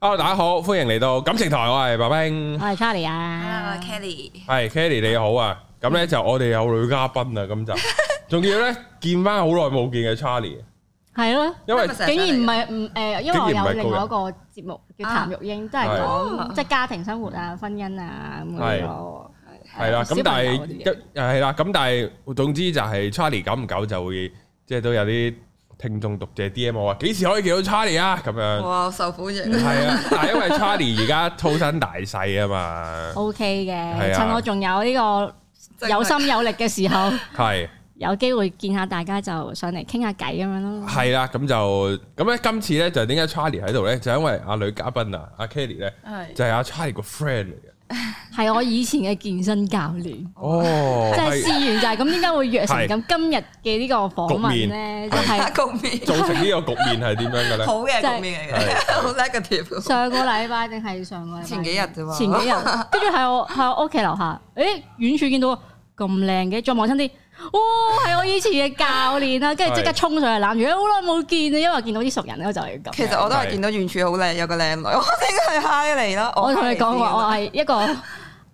Hello，大家好，歡迎嚟到感情台，我係白兵，我係 Charlie 啊，我係 Kelly，係 Kelly 你好啊，咁咧就我哋有女嘉賓啊，咁就仲要咧見翻好耐冇見嘅 Charlie，係咯，因為竟然唔係唔誒，因為有另外一個節目叫譚玉英，即係講即係家庭生活啊、婚姻啊咁嗰啲咯，係啦，咁但係一係啦，咁但係總之就係 Charlie 久唔久就會即係都有啲。聽眾讀者 D.M. 我話幾時可以見到 Charlie 啊？咁樣哇，我受歡迎係啊！ 但係因為 Charlie 而家粗身大細啊嘛。O.K. 嘅的，啊、趁我仲有呢個有心有力嘅時候，係的 有機會見下大家就上嚟傾下偈咁樣咯。係啦、啊，咁就咁咧。今次咧就點解 Charlie 喺度咧？就因為阿女嘉賓啊，阿、啊、Kelly 咧，就係、是、阿、啊、Charlie 個 friend 嚟嘅。係我以前嘅健身教練，即係試完就係咁。點解會約成咁今日嘅呢個訪問咧？就係局面造成呢個局面係點樣嘅咧？好嘅局面，嚟嘅。好 negative。上個禮拜定係上個禮拜前幾日啫嘛？前幾日，跟住係我喺我屋企樓下，誒，遠處見到咁靚嘅，再望親啲。哇，係、哦、我以前嘅教練啦，跟住即刻衝上去，攬、哎、住，好耐冇見啊！因為我見到啲熟人咧，我就係咁。其實我都係見到遠處好靚，有個靚女，我應該係嗨嚟啦。 我同你講話，我係一個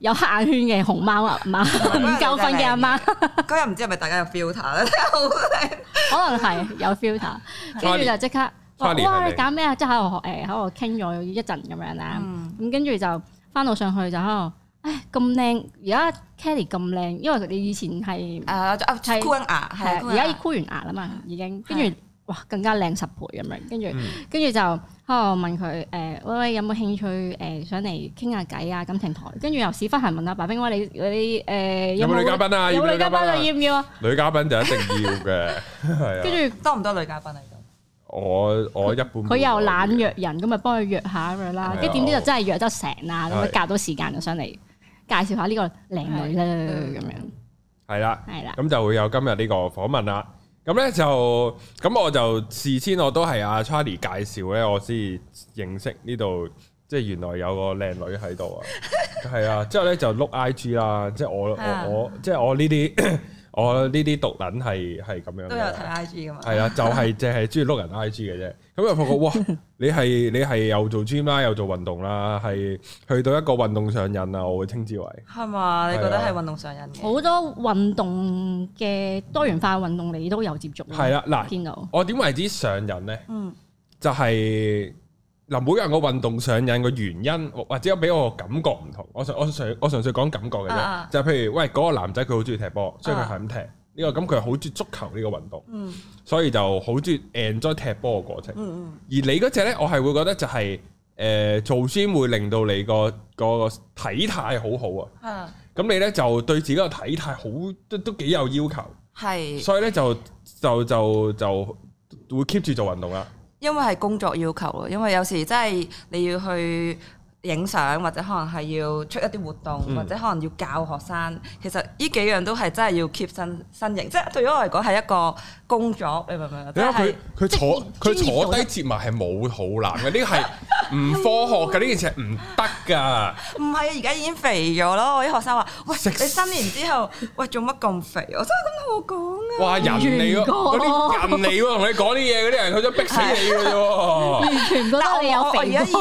有黑眼圈嘅熊貓阿媽，唔夠瞓嘅阿媽。嗰日唔知係咪大家有 filter 咧？可能係有 filter，跟住就即刻 Charlie, Charlie 哇，你，你搞咩啊？即喺度誒，喺度傾咗一陣咁樣啦。咁跟住就翻到上去就喺度。咁靚，而家 Kelly 咁靚，因為佢哋以前係誒，箍牙，係而家箍完牙啦嘛，已經跟住哇，更加靚十倍咁樣，跟住跟住就，喺度問佢誒喂，有冇興趣誒上嚟傾下偈啊？感情台，跟住又屎忽痕問阿白：「兵喂，你嗰啲有冇女嘉賓啊？有女嘉賓啊？要唔要啊？女嘉賓就一定要嘅，係啊。跟住多唔多女嘉賓嚟㗎？我我一般佢又懶約人，咁咪幫佢約下咁樣啦。跟點知就真係約得成啦，咁樣夾到時間就上嚟。介紹下呢個靚女啦，咁樣係啦，係啦，咁就會有今日呢個訪問啦。咁咧就咁，我就事先我都係阿 Charlie 介紹咧，我先認識呢度，即係原來有個靚女喺度啊。係啊， 之後咧就碌 I G 啦，即係我 我我即係我呢啲 我呢啲毒撚係係咁樣都有睇 I G 噶嘛，係啊，就係淨係中意碌人 I G 嘅啫。咁又發覺哇，你係你係又做 gym 啦，又做運動啦，係去到一個運動上癮啊，我會稱之為係嘛？你覺得係運動上癮？好、啊、多運動嘅多元化運動你都有接觸？係啦、啊，嗱，見到 ino 我點為之上癮咧？嗯，就係、是、嗱，每個人個運動上癮個原因或者俾我感覺唔同。我純我純我純粹講感覺嘅啫，啊啊就係譬如喂嗰、那個男仔佢好中意踢波，所以佢肯踢。啊呢個，咁佢係好中意足球呢個運動，嗯、所以就好中意 enjoy 踢波嘅過程。嗯嗯、而你嗰隻呢，我係會覺得就係、是、誒、呃、做 gym 會令到你個、個體態好好啊。咁你呢，就對自己個體態好都都幾有要求。係是，所以呢，就就就就，就會 keep 住做運動啦。因為係工作要求啊。因為有時真係你要去。影相或者可能係要出一啲活動，或者可能要教學生。其實呢幾樣都係真係要 keep 身身型，即係對於我嚟講係一個工作。你明唔明？因為佢佢坐佢業坐低節目係冇好難嘅，呢個係唔科學嘅，呢 件事係唔得噶。唔係啊，而家已經肥咗咯！我啲學生話：喂， 你新年之後喂做乜咁肥？我真係覺得好講。哇！人你咯，啲人你喎，同你講啲嘢嗰啲人，佢想逼死你嘅啫喎！完全唔覺得你有肥而家已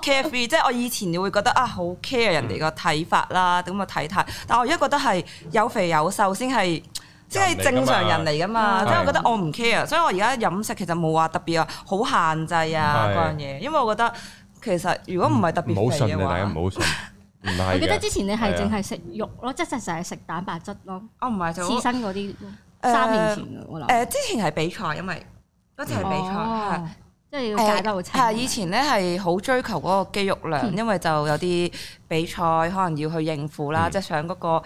care 即係我以前會覺得啊，好 care 人哋個睇法啦，咁嘅體態。但我而家覺得係有肥有瘦先係，即係正常人嚟噶嘛？即係、啊、我覺得我唔 care，所以我而家飲食其實冇話特別話好限制啊嗰樣嘢，的因為我覺得其實如果唔係特別肥嘅話，唔好信你，大家唔好 我記得之前你係淨係食肉咯，的即係成日食蛋白質咯。哦，唔係就刺身嗰啲。三年前，誒，之前係比賽，因為嗰次係比賽，即係要戒得好清。以前咧，係好追求嗰個肌肉量，嗯、因為就有啲比賽可能要去應付啦，嗯、即係想嗰個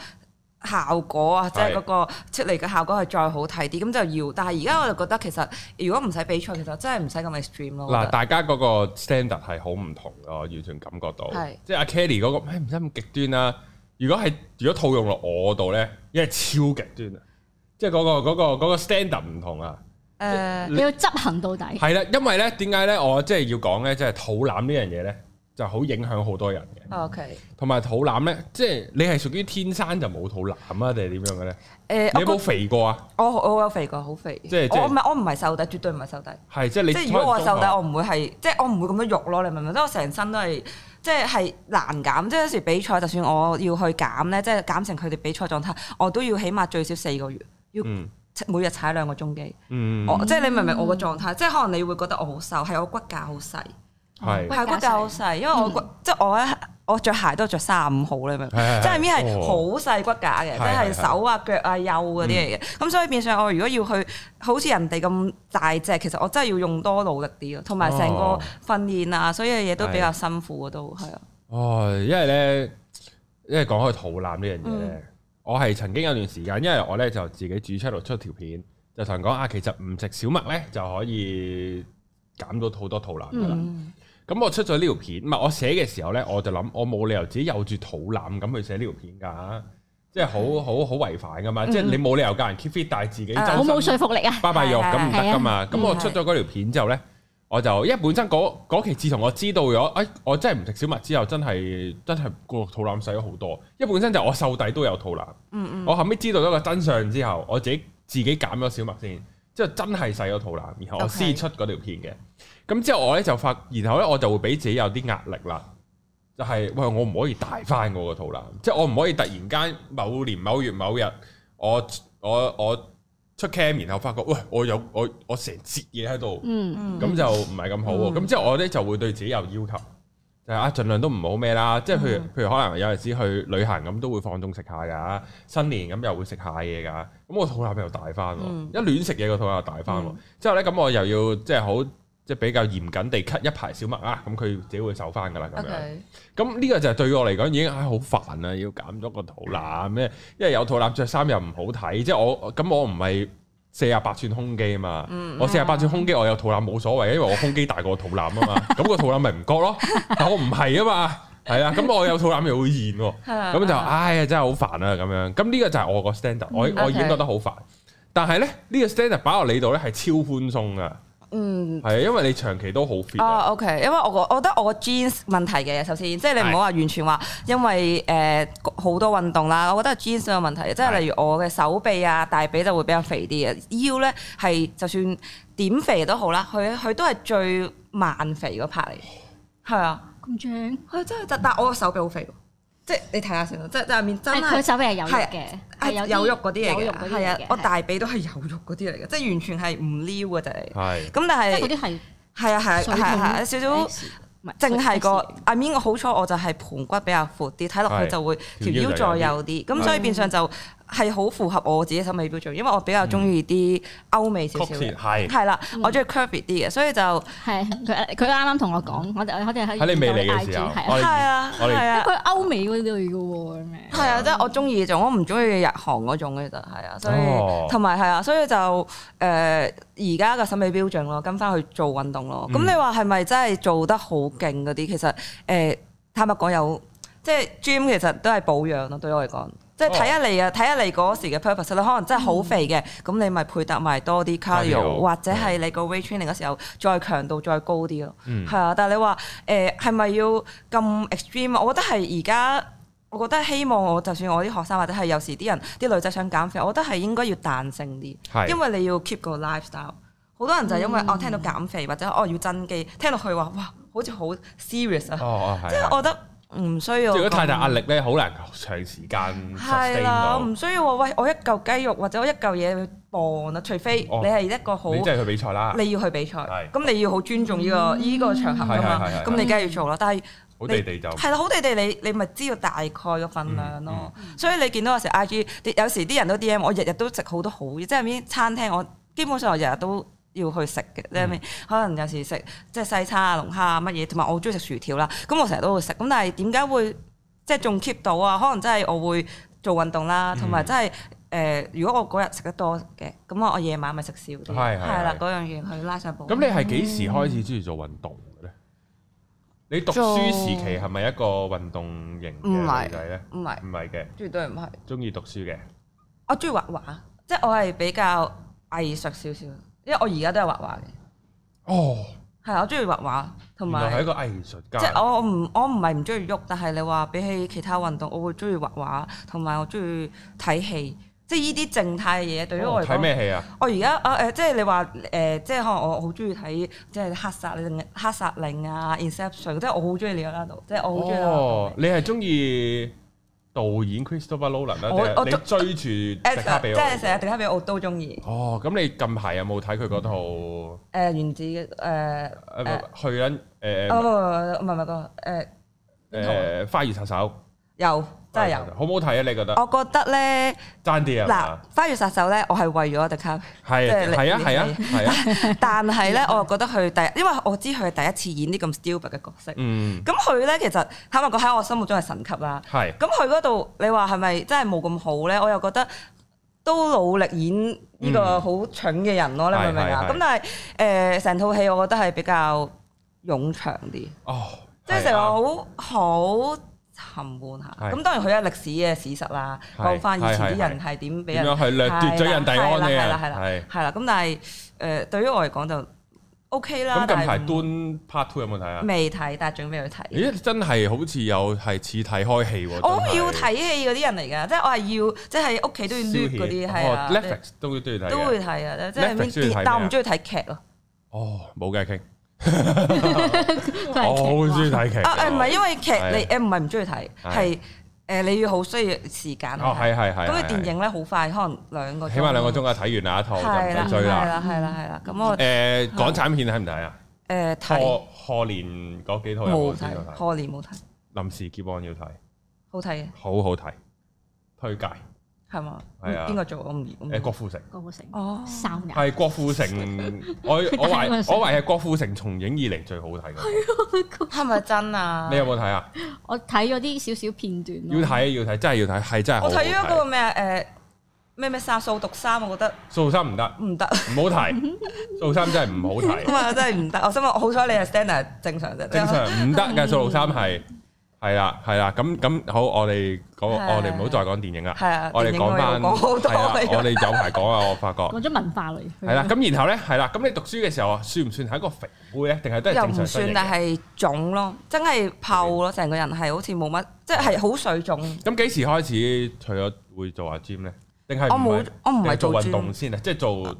效果啊，嗯、即係嗰個出嚟嘅效果係再好睇啲。咁是就要，但係而家我就覺得其實如果唔使比賽，其實真係唔使咁 extreme 咯。嗱，大家嗰個 standard 係好唔同嘅，我完全感覺到。是即係阿 Kelly 嗰、嗰個，唔使咁極端啦、啊。如果係如果套用落我度咧，因為超極端啊。即係嗰個嗰個嗰個 standard 唔同啊，誒，你要執行到底係啦，因為咧點解咧我即係要講咧，即係肚腩呢樣嘢咧，就好影響好多人嘅。O K，同埋肚腩咧，即係你係屬於天生就冇肚腩啊，定係點樣嘅咧？誒，你有冇肥過啊？我我有肥過，好肥。即係我唔係我唔係瘦底，絕對唔係瘦底。係即係你即係如果我瘦底，我唔會係即係我唔會咁樣肉咯，你明唔明？即係我成身都係即係係難減，即係有時比賽，就算我要去減咧，即係減成佢哋比賽狀態，我都要起碼最少四個月。要每日踩兩個鐘機，我即係你明唔明我個狀態？即係可能你會覺得我好瘦，係我骨架好細，係係骨架好細，因為我骨即係我咧，我著鞋都係著卅五號咧咁樣，即係面係好細骨架嘅，即係手啊腳啊幼嗰啲嚟嘅。咁所以變相我如果要去好似人哋咁大隻，其實我真係要用多努力啲咯，同埋成個訓練啊，所有嘢都比較辛苦嘅都係啊。哦，因為咧，因為講開肚腩呢樣嘢咧。我係曾經有段時間，因為我咧就自己煮出出條片，就同人講啊，其實唔食小麥咧就可以減到好多肚腩噶啦。咁、嗯、我出咗呢條片，唔係我寫嘅時候咧，我就諗我冇理由自己有住肚腩咁去寫呢條片噶，即係好好好違反噶嘛，嗯、即係你冇理由教人 keep fit，但係自己真係好冇説服力啊，拜拜肉咁唔得噶嘛。咁、啊、我出咗嗰條片之後咧。我就因為本身嗰期，自從我知道咗，哎，我真係唔食小麥之後，真係真係個肚腩細咗好多。因為本身就我瘦底都有肚腩，嗯嗯。我後尾知道咗個真相之後，我自己自己減咗小麥先，之後真係細咗肚腩，然後我試出嗰條片嘅。咁 Okay 之後我咧就發，然後咧我就會俾自己有啲壓力啦，就係、是、喂我唔可以大翻我個肚腩，即、就、係、是、我唔可以突然間某年某月某日，我我我。我出 cam 然後發覺，喂，我有我我成節嘢喺度，咁、嗯嗯、就唔係咁好喎。咁、嗯、之後我咧就會對自己有要求，就係啊，盡量都唔好咩啦。即、就、係、是、譬如、嗯、譬如譬如可能有陣時去旅行咁，都會放縱食下㗎。新年咁又會食下嘢㗎。咁我肚腩、嗯、又大翻喎，一亂食嘢個肚腩又大翻。之後咧咁我又要即係好。就是即係比較嚴謹地 cut 一排小麥啊，咁佢自己會瘦翻噶啦咁樣。咁呢 Okay. 個就係對我嚟講已經係好煩啊，要減咗個肚腩咩？因為有肚腩着衫又唔好睇。即係我咁我唔係四十八寸胸肌啊嘛，嗯、我四十八寸胸肌我有肚腩冇所謂，因為我胸肌大過肚腩啊嘛。咁 個肚腩咪唔覺咯，但我唔係啊嘛，係 啊。咁我有肚腩又會現喎、啊，咁 就唉呀真係好煩啊咁樣。咁呢個就係我個 standard，我、嗯 okay。我已經覺得好煩。但係咧呢、呢個 standard 擺落你度咧係超寬鬆噶。嗯，係啊，因為你長期都好肥啊。OK，因為我覺我覺得我個 genes 問題嘅，首先即係你唔好話完全話，是的 因為誒好、呃、多運動啦。我覺得 genes 有問題，即係例如我嘅手臂啊、大髀就會比較肥啲嘅。腰咧係就算點肥好都好啦，佢佢都係最慢肥嗰 part 嚟，係啊。咁正，係真係，但係我個手臂好肥。即係你睇下先咯，即係下面真係佢手臂係有肉嘅，係有肉嗰啲嚟嘅。係啊，我大髀都係有肉嗰啲嚟嘅，即係完全係唔撩嘅就係。係。咁但係即係嗰啲係係啊係係係有少少，唔係淨係個阿 Min，我好彩我就係盤骨比較闊啲，睇落去就會條腰再幼啲，咁所以變相就。係好符合我自己審美標準，因為我比較中意啲歐美少少嘅，係係啦，我中意 curvy 啲嘅，所以就係佢啱啱同我講，我我我哋喺你未嚟嘅時候係啊係啊，佢歐美嗰類嘅喎，係啊，即係我中意就我唔中意日韓嗰種，其實係啊，所以同埋係啊，所以就誒而家嘅審美標準咯，跟翻去做運動咯。咁你話係咪真係做得好勁嗰啲？其實誒，坦白講有即係 gym 其實都係保養咯，對我嚟講。即係睇下你啊，睇下你嗰時嘅 purpose 啦，可能真係好肥嘅，咁你咪配搭埋多啲 cardio，或者係你個 weight training 嗰時候再強度再高啲咯。嗯，係啊，但係你話誒係咪要咁 extreme？我覺得係而家，我覺得希望我就算我啲學生或者係有時啲人啲女仔想減肥，我覺得係應該要彈性啲，因為你要 keep 個 lifestyle。好多人就因為我聽到減肥或者我要增肌，聽落去話哇，好似好 serious 啊，即係我覺得。唔需要。即係如果太大壓力咧，好難長時間。係啦，唔需要話喂，我一嚿雞肉或者我一嚿嘢去磅啊，除非你係一個好，即係去比賽啦。你要去比賽，咁你要好尊重呢個依個場合㗎嘛。咁你梗係要做啦。但係好地地就係啦，好地地你你咪知道大概嘅份量咯。所以你見到我食 IG，有時啲人都 DM 我，日日都食好多好嘢。即係啲餐廳我基本上我日日都。要去食嘅，即係、嗯、可能有時食即係西餐啊、龍蝦啊乜嘢，同埋我好中意食薯條啦。咁我成日都會食。咁但係點解會即係仲 keep 到啊？可能真係我會做運動啦，同埋、嗯、真係誒、呃。如果我嗰日食得多嘅，咁我夜晚咪食少啲。係係啦，嗰樣嘢去拉上步。咁你係幾時開始中意做運動嘅咧？嗯、你讀書時期係咪一個運動型嘅仔咧？唔係唔係嘅，絕對唔係。中意讀書嘅，我中意畫畫，即係我係比較藝術少少。因為我而家都係畫畫嘅，哦，係啊，我中意畫畫，同埋係一個藝術家。即係我唔，我唔係唔中意喐，但係你話比起其他運動，我會中意畫畫，同埋我中意睇戲。即係依啲靜態嘅嘢，對於我嚟講。睇咩、哦、戲啊？我而家啊誒，即係你話誒、呃，即係可能我好中意睇，即係《黑殺》、《黑殺令》啊，《Inception》，即我《Inception》，即係我好中意呢個 level，即係我好中意。哦，畫畫你係中意。導演 Christopher Nolan 啦，即係你追住即刻俾我，即係成日即刻俾我都中意。哦，咁你近排有冇睇佢嗰套誒原子嘅誒？去緊誒誒，唔係唔係個誒誒《花兒殺手》有。真人好唔好睇啊？你覺得？我覺得咧，爭啲啊！嗱，《花月殺手是是》咧，我係為咗我哋 e Cup，係係啊係啊係啊！啊啊啊 但係咧，我又覺得佢第，因為我知佢係第一次演啲咁 stupid 嘅角色。嗯。咁佢咧其實，坦白講喺我心目中係神級啦。係。咁佢嗰度，你話係咪真係冇咁好咧？我又覺得都努力演呢個好蠢嘅人咯、哦。你明唔明啊？咁、嗯、但係誒，成套戲我覺得係比較冗長啲。哦、嗯。即係成個好好。沉悶下，咁當然佢有歷史嘅事實啦，講翻以前啲人係點俾人掠奪咗人哋我哋，係啦，係啦，係啦，啦，咁但係誒，對於我嚟講就 OK 啦。咁近排端 part two 有冇睇啊？未睇，但係準備去睇。咦！真係好似有係似睇開戲喎。我要睇戲嗰啲人嚟㗎，即係我係要，即係屋企都要攣嗰啲，係啊。Netflix 都都要睇。都會睇啊，即係邊跌，但我唔中意睇劇咯。哦，冇偈傾。我好中意睇劇啊！誒，唔係因為劇你誒，唔係唔中意睇，係誒你要好需要時間哦。係係係。咁啊，電影咧，好快，可能兩個鐘起碼兩個鐘啊，睇完啊一套就唔追啦。係啦係啦係啦，咁我誒港產片睇唔睇啊？誒，睇賀年嗰幾套有冇睇，賀年冇睇。臨時劫案要睇，好睇，好好睇，推介。係嘛？係啊。邊個做我唔？誒，郭富城。郭富城哦，三日。係郭富城，我我話我話係郭富城從影以嚟最好睇嘅。係咪真啊？你有冇睇啊？我睇咗啲少少片段。要睇要睇，真係要睇，係真係。我睇咗嗰個咩啊？誒，咩咩三？掃毒三，我覺得。掃毒三唔得。唔得。唔好睇。掃毒三真係唔好睇。咁啊，真係唔得。我想話，好彩你係 standard 正常啫。正常唔得㗎，掃毒三係。係啦，係啦，咁咁好，我哋講，係啦，我哋唔好再講電影啦，係啦，我哋講翻，我哋 有排講啊，我發覺講咗文化類，係啦，咁然後咧，係啦，咁你讀書嘅時候，算唔算係一個肥妹咧？定係都係正常？又唔算，但係腫咯，真係泡咯，成個人係好似冇乜，即係好水腫。咁幾時開始？除咗會做下 gym 咧，定係我冇，我唔係做運動先啊，即係做。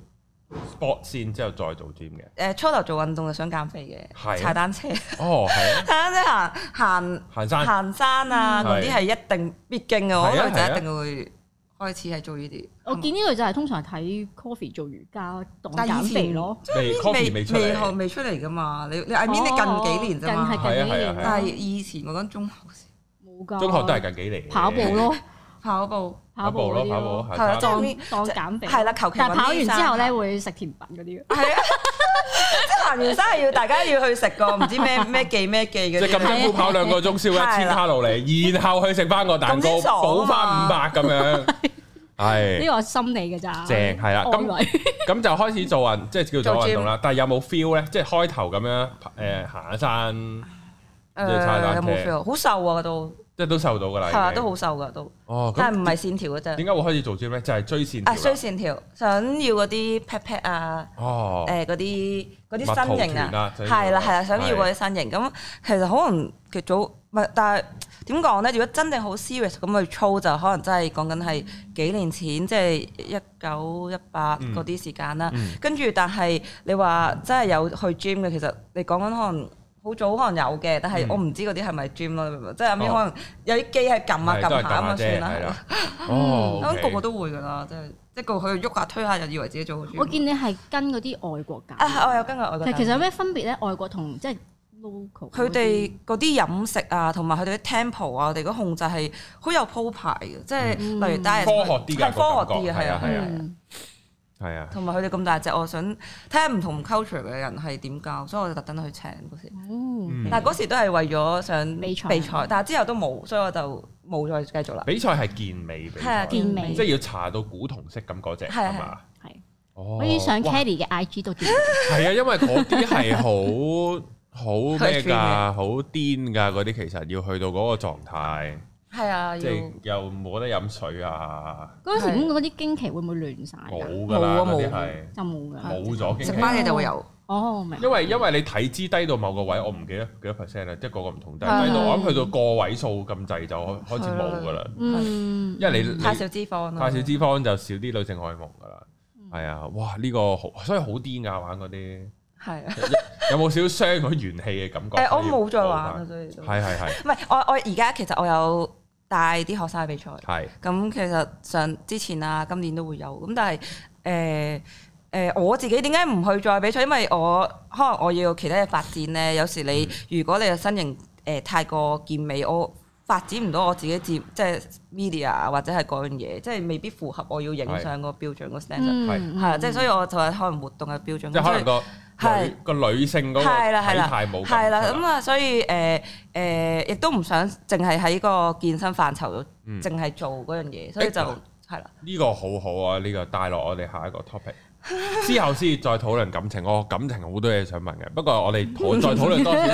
Sport 線之後再做 gym 嘅，誒初頭做運動就想減肥嘅，踩單車，哦，係啊，即係行行行山行山啊，嗰啲係一定必經嘅，我覺得就一定會開始係做呢啲。我見呢個就係通常睇 coffee 做瑜伽當減肥咯，即係 coffee 未未出嚟㗎嘛，你你 I mean 你近幾年啫嘛，係啊係啊，但係以前嗰陣中學冇㗎，中學都係近幾年跑步咯。跑步，跑步跑步，嗰啲，當當減肥係啦，求其。但跑完之後咧，會食甜品嗰啲。係啊，行完山係要大家要去食個唔知咩咩記咩記嘅。即係咁辛苦跑兩個鐘，燒一千卡路里，然後去食翻個蛋糕，補翻五百咁樣。係呢個心理嘅咋？正係啦，咁咁就開始做運，即係叫做運動啦。但係有冇 feel 咧？即係開頭咁樣，誒，行下山，即係踩有冇 feel？好瘦啊，都。即係都瘦到㗎啦，係啊，都好瘦㗎都，哦、但係唔係線條㗎啫。點解會開始做 gym 呢？就係、是、追線條啊，追線條，想要嗰啲 pat pat 啊，哦，誒嗰啲啲身形啊，係啦係啦，想要嗰啲身形。咁其實可能佢早，唔係，但係點講咧？如果真正好 serious 咁去操就可能真係講緊係幾年前，即係一九一八嗰啲時間啦。嗯嗯、跟住但係你話真係有去 gym 嘅，其實你講緊可能。好早可能有嘅，但係我唔知嗰啲係咪 gym 咯，即係後面可能有啲機係撳下撳下咁啊算啦，咁個個都會㗎啦，即係即係個佢喐下推下就以為自己做。我見你係跟嗰啲外國教啊，我有跟外我有跟。其實有咩分別咧？外國同即係 local，佢哋嗰啲飲食啊，同埋佢哋啲 tempo 啊，我哋嗰個控制係好有鋪排嘅，即係例如但係，係科學啲嘅係啊係啊。係啊，同埋佢哋咁大隻，我想睇下唔同 culture 嘅人係點教，所以我就特登去請嗰時。嗯，但係嗰時都係為咗想比賽，但係之後都冇，所以我就冇再繼續啦。比賽係健美比賽，係啊，健美，即係要搽到古銅色咁嗰隻係嘛？係。我上 Kelly 嘅 IG 都係啊，因為嗰啲係好好咩㗎，好癲㗎嗰啲，其實要去到嗰個狀態。係啊，即係又冇得飲水啊！嗰陣時咁嗰啲經期會唔會亂晒？冇㗎啦，啲係就冇㗎，冇咗食返嘢就會有哦，明？因為因為你體脂低到某個位，我唔記得幾多 percent 啦，即係個個唔同，低低到我諗去到個位數咁滯就開始冇㗎啦，嗯，因為你太少脂肪，太少脂肪就少啲女性荷爾蒙㗎啦，係啊，哇！呢個所以好癲㗎，玩嗰啲。係是啊，有冇少少傷嗰元氣嘅感覺？誒、哎，我冇再玩所以都係係唔係，我我而家其實我有帶啲學生去比賽。係是。咁其實上之前啊，今年都會有。咁但係誒誒，我自己點解唔去再比賽？因為我可能我要有其他嘅發展咧。有時你、嗯、如果你嘅身形誒、呃、太過健美，我發展唔到我自己自即係 media 或者係嗰樣嘢，即係未必符合我要影相個標準個 standard。係、嗯、係，即係所以我就係可能活動嘅標準。即係開兩係個女，女性嗰個姿態冇咁，係啦咁啊，所以誒誒、呃呃，亦都唔想淨係喺個健身範疇度單是單是，淨係做嗰樣嘢，所以就係啦。呢個好的好啊！呢、這個帶落我哋下一個 topic 之後先再討論感情。 我感情好多嘢想問嘅，不過我哋再討論多少次，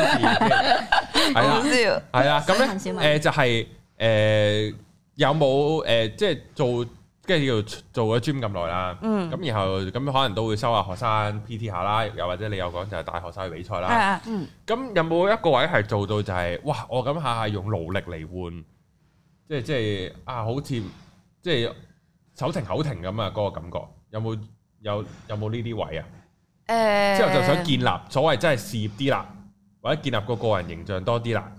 係啦， 係啦。咁咧誒，就係、是、誒、呃呃、有冇誒，即、呃、係、就是、做。做跟住要做咗 gym 咁耐啦，咁然後咁可能都會收下學生 PT 下啦，又或者你有講就係帶學生去比賽啦。咁有冇一個位係做到就係哇！我咁下下用勞力嚟換，即係即係啊，好似即係手停口停咁啊，嗰個感覺有冇有有冇呢啲位啊？之後就想建立所謂真係事業啲啦，或者建立個個人形象多啲啦。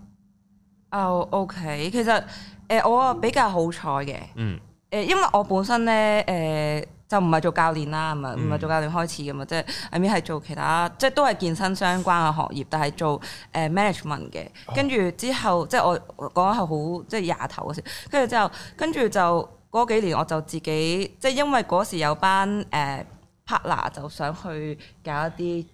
哦，OK，其實誒我啊比較好彩嘅，嗯。誒，因為我本身咧，誒、呃、就唔係做教練啦，唔係唔係做教練開始嘅嘛，嗯、即係 Amy 係做其他，即係都係健身相關嘅行業，但係做誒、呃、management 嘅。跟住之後，即係我講係好即係廿頭嗰時。跟住之後，跟住就嗰幾年，我就自己，即係因為嗰時有班誒、呃、partner 就想去搞一啲誒。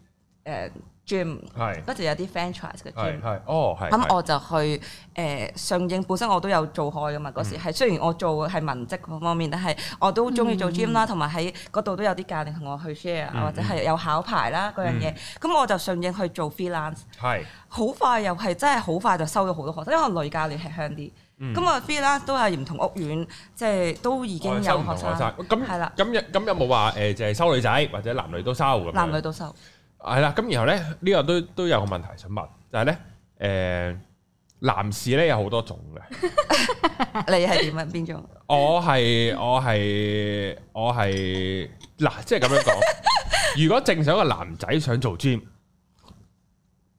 呃 Gym，不就有啲 franchise 嘅 Gym，咁我就去誒上映。本身我都有做開㗎嘛，嗰時係雖然我做係文職嗰方面，但係我都中意做 Gym 啦，同埋喺嗰度都有啲教練同我去 share，或者係有考牌啦嗰樣嘢。咁我就上映去做 freelance，係好快又係真係好快就收咗好多學生，因為女教練吃香啲。咁啊，freelance 都係唔同屋苑，即係都已經有學生。咁係啦。咁咁有冇話誒就係收女仔，或者男女都收？男女都收。係啦，咁然後咧，呢個都都有個問題想問，就係咧，誒，男士咧有好多種嘅，你係點樣邊種？我係我係我係，嗱，即係咁樣講，如果正常個男仔想做 gym，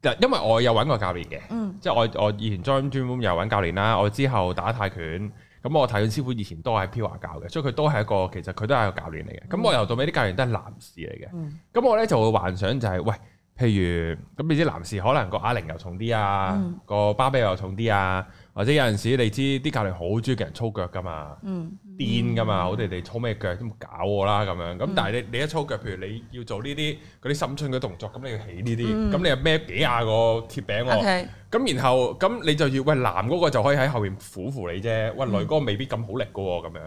就因為我有揾過教練嘅，嗯，即係我我以前 join gym 又揾教練啦，我之後打泰拳。咁我睇到師傅以前都喺飄華教嘅，所以佢都係一個其實佢都係一個教練嚟嘅。咁、嗯、我由頭到尾啲教練都係男士嚟嘅。咁、嗯、我咧就會幻想就係、是、喂。譬如咁，你知男士可能個啞鈴又重啲啊，個芭比又重啲啊，或者有陣時你知啲教練好中意叫人操腳㗎嘛，癲㗎嘛，我哋你操咩腳都冇搞我啦咁樣。咁但係你你一操腳，譬如你要做呢啲嗰啲深蹲嗰啲動作，咁你要起呢啲，咁你又孭幾廿個鐵餅喎。咁然後咁你就要，喂男嗰個就可以喺後邊扶扶你啫，喂女個未必咁好力嘅喎，咁樣。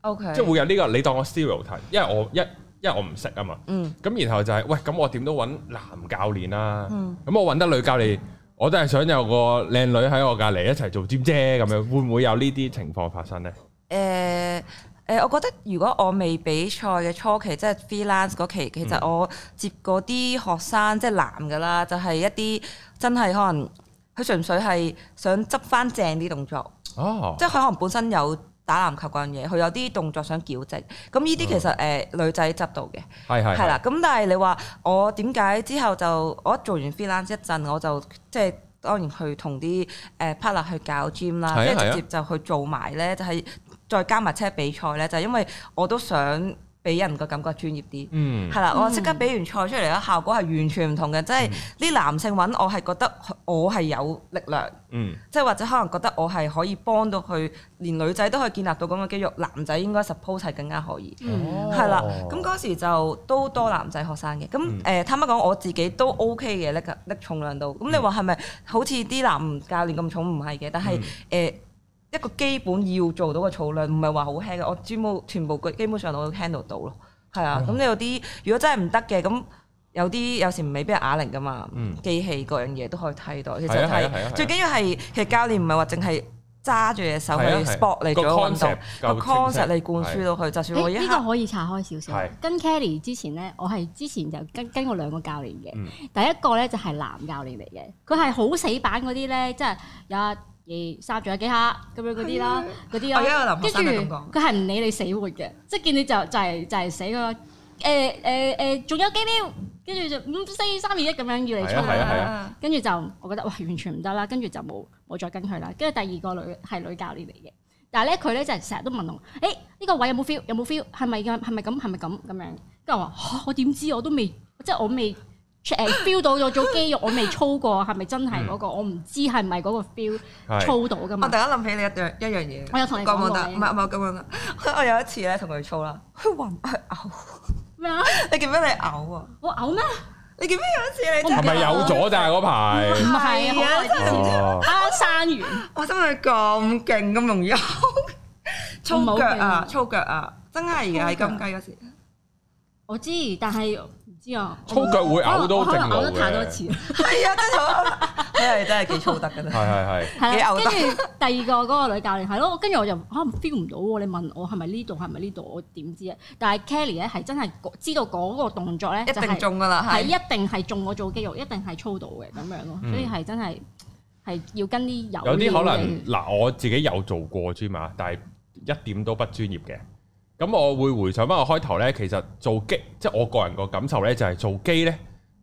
O K，即係每日呢個你當我 stereotype，因為我一。因為我唔識啊嘛，咁、嗯、然後就係、是、喂，咁我點都揾男教練啦、啊，咁、嗯、我揾得女教練，我都係想有個靚女喺我隔離一齊做尖姐，咁樣會唔會有呢啲情況發生呢？誒誒、呃呃，我覺得如果我未比賽嘅初期，即係 freelance 嗰期，其實我接嗰啲學生、嗯、即係男㗎啦，就係、是、一啲真係可能佢純粹係想執返正啲動作，哦，即係佢可能本身有。打籃球嗰樣嘢，佢有啲動作想矯正，咁呢啲其實誒、嗯呃、女仔執到嘅，係係係啦。咁但係你話我點解之後就我做完 freelance 一陣，我就即係當然去同啲誒 partner 去搞 gym 啦，即係、啊啊、直接就去做埋咧，就係再加埋車比賽咧，就係、因為我都想，俾人個感覺專業啲，嗯，係啦，我即刻比完賽出嚟啦，效果係完全唔同嘅，即係啲男性揾我係覺得我係有力量，嗯，即係或者可能覺得我係可以幫到佢，連女仔都可以建立到咁嘅肌肉，男仔應該 suppose 係更加可以，嗯、哦，係啦，咁嗰時就都多男仔學生嘅，咁誒，嗯、坦白講我自己都 OK 嘅，拎緊拎重量度，咁你話係咪好似啲男教練咁重？唔係嘅，但係誒。嗯呃一個基本要做到嘅操量，唔係話好輕嘅，我專全部基本上我都 handle 到咯，係啊。咁你有啲如果真係唔得嘅，咁有啲有時未必有啞鈴㗎嘛，機器各樣嘢都可以替代。其實係最緊要係其實教練唔係話淨係揸住隻手去 spot 你做運動，個 concept 你灌輸到佢。就算我依家呢個可以拆開少少，跟 Kelly 之前咧，我係之前就跟跟過兩個教練嘅，第一個咧就係男教練嚟嘅，佢係好死板嗰啲咧，即係有。嘢，三仲有幾下咁樣嗰啲啦，嗰啲啦，跟住佢係唔理你死活嘅，即係見你就係、就嚟就嚟死咯，誒誒誒，仲、欸呃、有幾秒，跟住就五四三二一咁樣要你出嚟啦，跟住、啊啊啊、就我覺得哇完全唔得啦，跟住就冇冇再跟佢啦，跟住第二個女係女教練嚟嘅，但係咧佢咧就成日都問我，誒、欸、呢、呢個位有冇 feel 有冇 feel 係咪係咪咁係咪咁咁樣，跟住我話、啊、我點知我都未，即係我未。誒，feel 到咗組肌肉，我未操過，係咪真係嗰個？我唔知係唔係係咪嗰個 feel 操到㗎嘛。我突然間諗起你一樣一樣嘢。我有同你講過，唔係唔係咁樣。我有一次咧同佢操啦，佢暈，佢嘔。咩啊？你記唔記得你嘔啊？我嘔咩？你記唔記得有一次你？我唔係有咗就係嗰排。唔係啊！真係啊！我生完，我真係咁勁，咁容易操冇腳啊！操腳啊！真係嘅喺金雞嗰時。我知，但係。操啊，操腳會嘔都勁我嘅、 哎，係 啊真係，真係真係幾操得嘅咧，係係係。跟住第二個嗰個女教練係咯，跟住、啊、我就可能 feel 唔到喎。你問我係咪呢度？係咪呢度？我點知啊？但係 Kelly 咧係真係知道嗰個動作咧、就是，一定中㗎啦，係一定係中我做肌肉，一定係操到嘅咁樣咯。所以係真係係要跟啲有。有啲可能嗱，我自己有做過知嘛，但係一點都不專業嘅。咁我會回想翻我開頭咧，其實做肌，即係我個人個感受咧，就係、是、做肌咧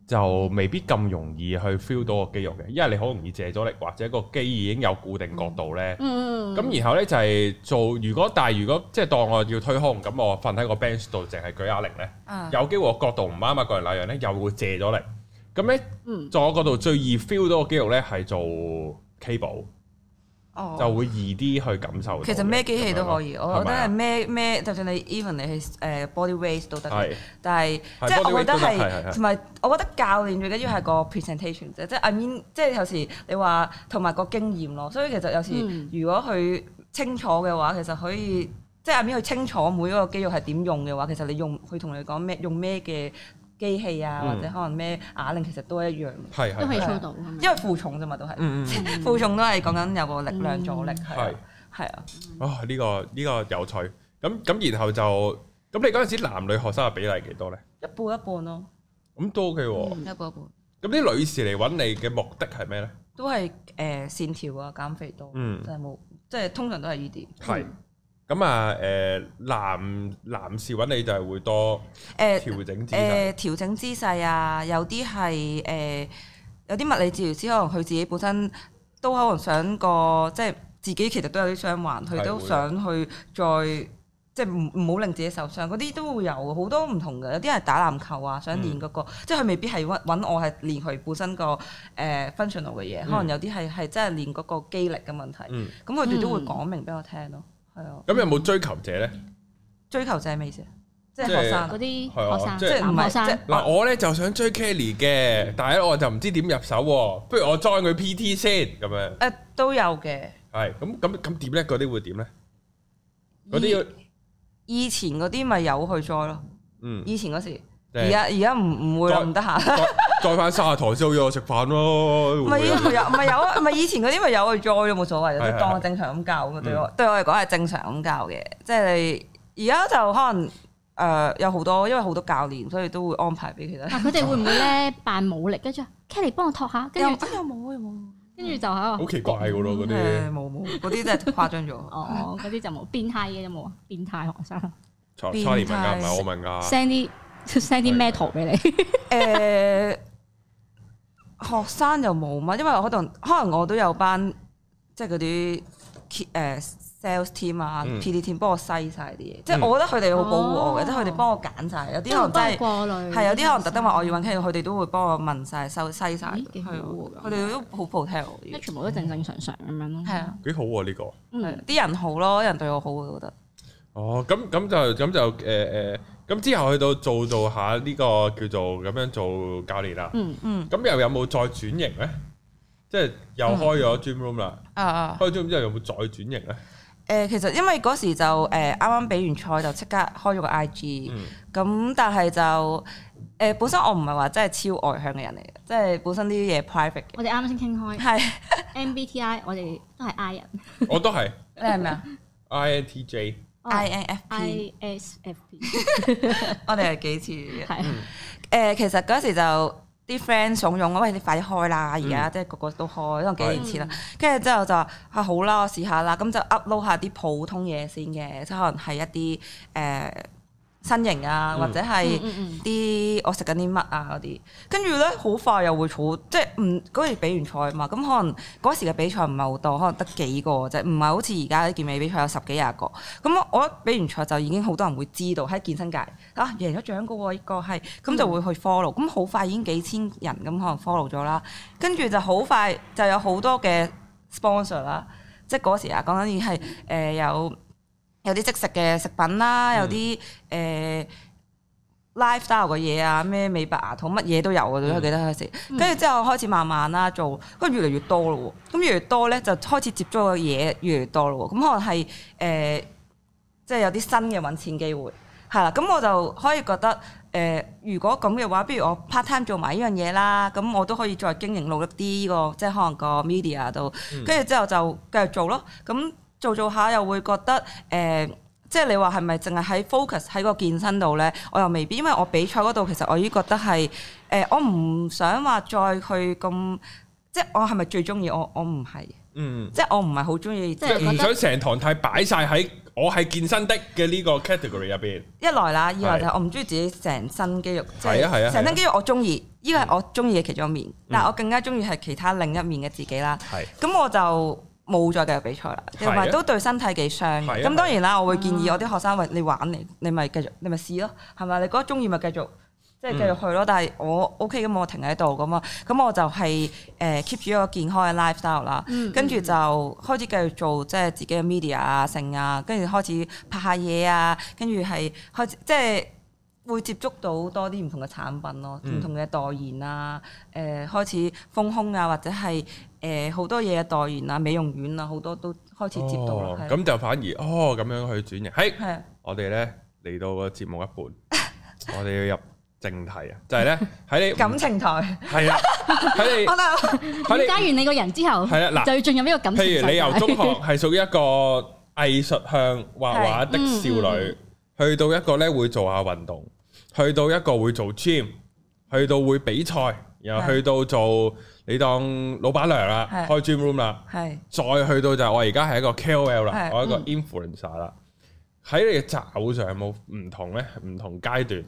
就未必咁容易去 feel 到個肌肉嘅，因為你好容易借咗力，或者個肌已經有固定角度咧。咁、嗯、然後咧就係、是、做，如果但係如果即係當我要推胸，咁我瞓喺個 bench 度，淨係舉啞鈴咧，有機會我角度唔啱啊，個人那樣咧又會借咗力。咁咧，在、嗯、我角度最易 feel 到個肌肉咧係做 cable。就會易啲去感受。其實咩機器都可以，吧我覺得係咩咩，就算你 even 你去誒 body weight 都得。但係即係我覺得係，同埋我，我覺得教練最緊要係個 presentation 啫、嗯。即係 I mean，即係有時你話同埋個經驗咯。所以其實有時如果佢清楚嘅話，其實可以、嗯、即係 I mean，佢清楚每一個肌肉係點用嘅話，其實你用佢同你講咩用咩嘅。機器啊，或者可能咩啞鈴，其實都一樣，都可以操到，因為負重啫嘛，都係，嗯、 負重都係講緊有個力量阻力，係係、嗯、啊。啊，呢、哦呢個呢、呢個有趣。咁咁，然後就咁，咁你嗰陣時男女學生嘅比例幾多咧？一半一半咯、啊。咁多嘅喎，一半一半。咁啲女士嚟揾你嘅目的係咩咧？都係誒、呃、線條啊，減肥多，嗯，就冇，即係通常都係呢啲。係是。嗯咁啊，誒男男士揾你就係會多誒調整誒、呃呃、調整姿勢啊，有啲係誒有啲物理治療師可能佢自己本身都可能想過即係自己其實都有啲傷患，佢都想去再即係唔唔好令自己受傷，嗰啲都會有好多唔同嘅，有啲係打籃球啊，想練嗰、那個、嗯、即係佢未必係揾揾我係練佢本身個誒 function 度嘅嘢，呃能嗯、可能有啲係係真係練嗰個肌力嘅問題，咁佢哋都會講明俾我聽咯。係啊，咁、嗯嗯、有冇追求者咧？追求者係咩意思先？即係學生嗰啲學生，即係男學生。嗱即，啊、我咧就想追 Kelly 嘅，嗯、但係我就唔知點入手喎。不如我 join 佢 PT 先咁樣。誒、呃，都有嘅。係，咁咁咁點咧？嗰啲會點咧？嗰啲要以前嗰啲咪有去 join 咯。嗯，以前嗰、嗯、時。而家而家唔唔會唔得閒再 join 翻三堂之後要我食飯咯。唔係啊，唔係有啊，唔係以前嗰啲咪有去 join 都冇所謂，當正常咁教嘅對我對我嚟講係正常咁教嘅，即係你而家就可能誒有好多，因為好多教練，所以都會安排俾其他人嗱，佢哋會唔會咧扮武力？跟住 Kelly 幫我托下，跟住啊又冇又冇，跟住就喺好奇怪嘅咯嗰啲，冇冇嗰啲真係誇張咗。哦，嗰啲就冇變態嘅有冇啊？變態學生，差年問架唔係我問架，send 啲咩圖俾你？誒學生又冇嘛，因為可能可能我都有班即係嗰啲誒 sales team 啊、PD team 幫我篩晒啲嘢。即係我覺得佢哋好保護我嘅，即係佢哋幫我揀晒。有啲人真係係有啲可能特登話我要揾 client，佢哋都會幫我問晒、收篩晒。係啊，佢哋都好 protect 我，即係全部都正正常常咁樣咯。係啊，幾好啊呢個！啲人好咯，啲人對我好，我覺得。哦，咁咁就咁就誒誒。咁之後去到做做下呢個叫做咁樣做教練啦、嗯。嗯嗯。咁又有冇再轉型咧？即係又開咗 Dream Room 啦、嗯。啊啊。開 Dream Room 之後有冇再轉型咧？誒、呃，其實因為嗰時就誒啱啱比完賽就即刻開咗個 IG。嗯。咁但係就誒、呃、本身我唔係話真係超外向嘅人嚟嘅，即係本身呢啲嘢 private 嘅。我哋啱啱先傾開。係是。 MBTI 我哋都係 I 人。我都係。 你係咩啊？INTJ。 I N F P，I S F P，我哋係幾次嘅，誒，其實嗰時就啲 friend 慫恿我，喂，你快啲開啦，而家即係個個都開，因為幾年前啦，跟住之後就話，啊好啦，我試下啦，咁就 upload 下啲普通嘢先嘅，即係可能係一啲誒。呃 mm. 身形啊，嗯、或者係啲我食緊啲乜啊嗰啲，跟住咧好快又會儲，即係唔嗰時比完賽嘛，咁可能嗰時嘅比賽唔係好多，可能得幾個啫，唔係好似而家啲健美比賽有十幾廿個，咁我一比完賽就已經好多人會知道喺健身界啊贏咗獎噶喎、啊，呢個係，咁就會去 follow，咁好快已經幾千人咁可能 follow 咗啦，跟住就好快就有好多嘅 sponsor 啦，即係嗰時啊講緊係誒有。有啲即食嘅食品啦，嗯、有啲誒 lifestyle 嘅嘢啊，咩、呃、美白牙套乜嘢都有啊！我都記得啊，食跟住之後開始慢慢啦做，跟住越嚟越多咯喎，咁越嚟越多咧就開始接觸嘅嘢越嚟越多咯喎，咁可能係誒即係有啲新嘅揾錢機會，係啦，咁我就可以覺得誒、呃，如果咁嘅話，不如我 part time 做埋依樣嘢啦，咁我都可以再經營多一啲依個，即係可能個 media 度，跟住之後就繼續做咯，咁、嗯。嗯。做做下又會覺得誒，即係你話係咪淨係喺 focus 喺個健身度咧？我又未必，因為我比賽嗰度其實我已經覺得係誒，我唔想話再去咁，即係我係咪最中意？我我唔係，嗯，即係我唔係好中意，即係唔想成堂太擺晒喺我係健身的嘅呢個 category 入邊。一來啦，二來就我唔中意自己成身肌肉，係啊係啊，成身肌肉我中意，依個係我中意嘅其中一面，但係我更加中意係其他另一面嘅自己啦。係，咁我就。冇再繼續比賽啦，同埋都對身體幾傷。咁當然啦，我會建議我啲學生，嗯、你玩你，你咪繼續，你咪試咯，係咪？你覺得中意咪繼續，即、就、係、是、繼續去咯。嗯、但係我 OK 咁，我停喺度咁啊。咁我就係誒 keep 住一個健康嘅 lifestyle 啦。跟住、嗯、就開始繼續做即係、就是、自己嘅 media 啊、成啊，跟住開始拍下嘢啊，跟住係開始即係。即會接觸到多啲唔同嘅產品咯，唔同嘅代言啊，誒開始豐胸啊，或者係誒好多嘢嘅代言啊，美容院啊，好多都開始接到啦。咁就反而哦咁樣去轉型。係，我哋咧嚟到個節目一半，我哋要入正題啊，就係咧喺你感情台係啊，喺你喺你解完你個人之後係啊，嗱就要進入一個感情台。譬如你由中學係屬於一個藝術向畫畫的少女，去到一個咧會做下運動。去到一個會做 gym，去到會比賽，然後去到做你當老闆娘啦，開 gym room 啦，再去到就係我而家係一個 KOL 啦，我一個 influencer 啦。喺你嘅擇偶上有冇唔同呢？唔同階段，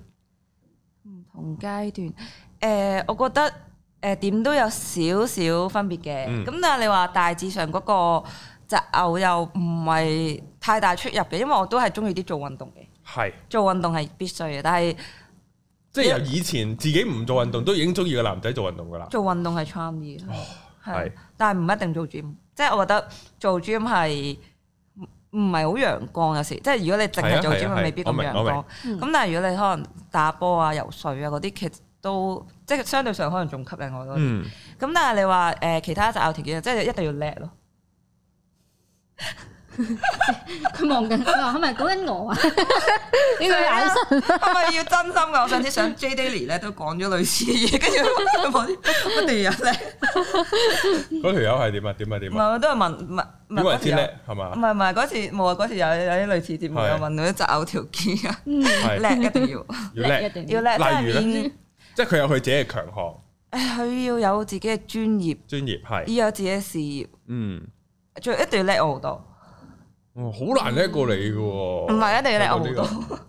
唔同階段誒，我覺得誒點都有少少分別嘅。咁但係你話大致上嗰個擇偶又唔係太大出入嘅，因為我都係中意啲做運動嘅。係做運動係必須嘅，但係即係由以前自己唔做運動，都已經中意個男仔做運動噶啦。做運動係 charm 啲，係，但係唔一定做 gym。即係我覺得做 gym 係唔唔係好陽光嘅事。即係如果你淨係做 gym，未必咁陽光。咁但係如果你可能打波啊、游水啊嗰啲，其實都即係相對上可能仲吸引我多啲。咁但係你話誒其他擇偶條件，即係一定要叻咯。佢望緊我，係咪講緊我啊？呢個眼神係咪要真心噶？我上次上 J Daily 咧都講咗類似嘢，跟住佢冇不斷入嚟。嗰條友係點啊？點啊點啊？我都係問，點為先叻係嘛？唔係唔係嗰次冇啊？嗰次有有啲類似啲嘢，我問到擇偶條件啊，叻一定要，要叻，一定要叻。例如咧，即係佢有佢自己嘅強項，佢要有自己嘅專業，專業係要有自己嘅事業，嗯，仲一定要叻好多。哦，好難叻過你㗎，唔係一定要叻我好多，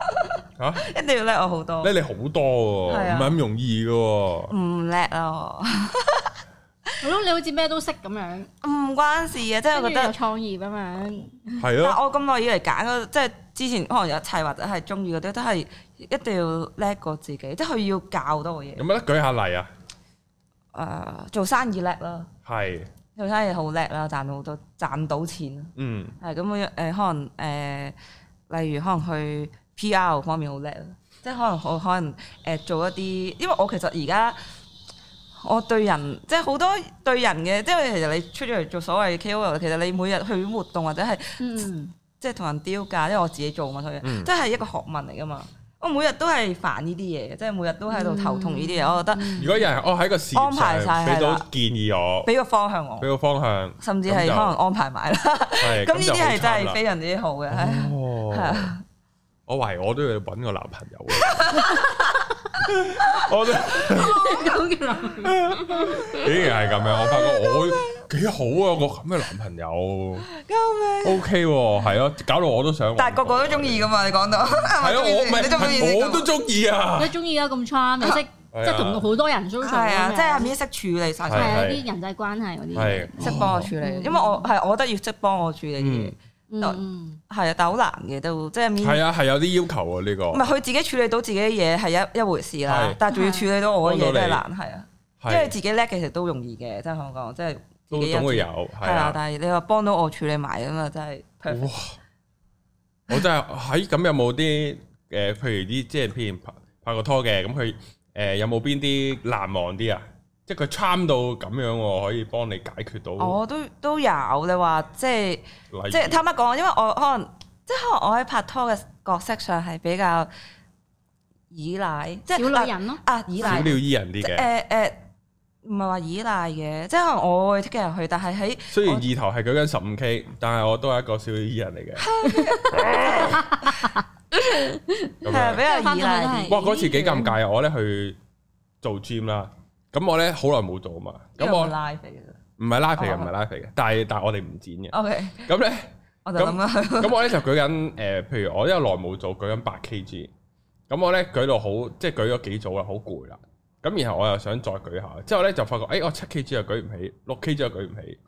吓，一定要叻我好多，叻你好多，唔係咁容易㗎，唔叻咯，係咯，你好似咩都識咁樣，唔關事嘅，即係覺得創意咁樣，係咯，我咁耐以嚟揀嗰，即係之前可能有齊或者係中意嗰啲，都係一定要叻過自己，即係佢要教多嘢。有冇得舉下例啊？啊，做生意叻咯，係。做其他嘢好叻啦，賺到好多，賺到錢，嗯，係咁我誒可能誒、呃，例如可能去 PR 方面好叻咯，即係可能我可能誒做一啲，因為我其實而家我對人即係好多對人嘅，即係其實你出咗嚟做所謂嘅 KOL，其實你每日去活動或者係，嗯、即係同人 deal 價，因為我自己做嘛，所以都係一個學問嚟噶嘛。我每日都係煩呢啲嘢，即係每日都喺度頭痛呢啲嘢。嗯、我覺得如果有人，我喺個市場俾到建議我，俾個方向我，俾個方向，甚至係可能安排埋啦。咁呢啲係真係非常之好嘅。係啊，我懷疑我都要搵個男朋友。 我都咁嘅男朋友，竟然係咁樣，我發覺我幾好啊！我咁嘅男朋友，救命，O K 喎，係咯，搞到我都想，但係個個都中意噶嘛？你講到係咯，我唔係，我都中意啊，都中意啊！咁、啊、charm， 即係即係同好多人相處，係啊，即係面識處理晒，係啊，啲人際關係嗰啲，係識幫我處理，嗯、因為我係，我覺得要識幫我處理嘢。嗯嗯，係啊，但係好難嘅都，即係面係啊，係有啲要求啊呢、呢個。唔係佢自己處理到自己嘅嘢係一一回事啦，是但係仲要處理到我嘅嘢都難，係啊。即係自己叻其實都容易嘅，即係香港，即係都總會有係啊。啊但係你話幫到我處理埋啊嘛，真係。哇！我真係喺咁有冇啲誒，譬如啲即係譬如拍拍過拖嘅咁，佢誒有冇邊啲難忘啲啊？即係佢參到咁樣，哦，可以幫你解決到。我都都有你話，即係即係坦白講，因為我可能即係可能我喺拍拖嘅角色上係比較依賴，即係小女人咯，啊，啊，啊依賴小鳥依人啲嘅。誒誒，唔係話依賴嘅，即係我會跟人去，但係喺雖然二頭係舉緊十五 K，但係我都係一個小鳥依人嚟嘅，係比較依賴這這、呃。哇！嗰次幾尷尬，我咧去做 gym 啦。咁我咧好耐冇做嘛，咁我拉肥嘅咋，唔係拉肥嘅，唔係拉肥嘅，但係但係我哋唔剪嘅。OK，咁咧，我就諗啦。咁我咧就舉緊誒，譬如我因為耐冇做，舉緊八 KG，咁我咧舉到好，即係舉咗幾組啦，好攰啦。咁然後我又想再舉下，之後咧就發覺，哎，我七 KG 又舉唔起，六 KG 又舉唔起，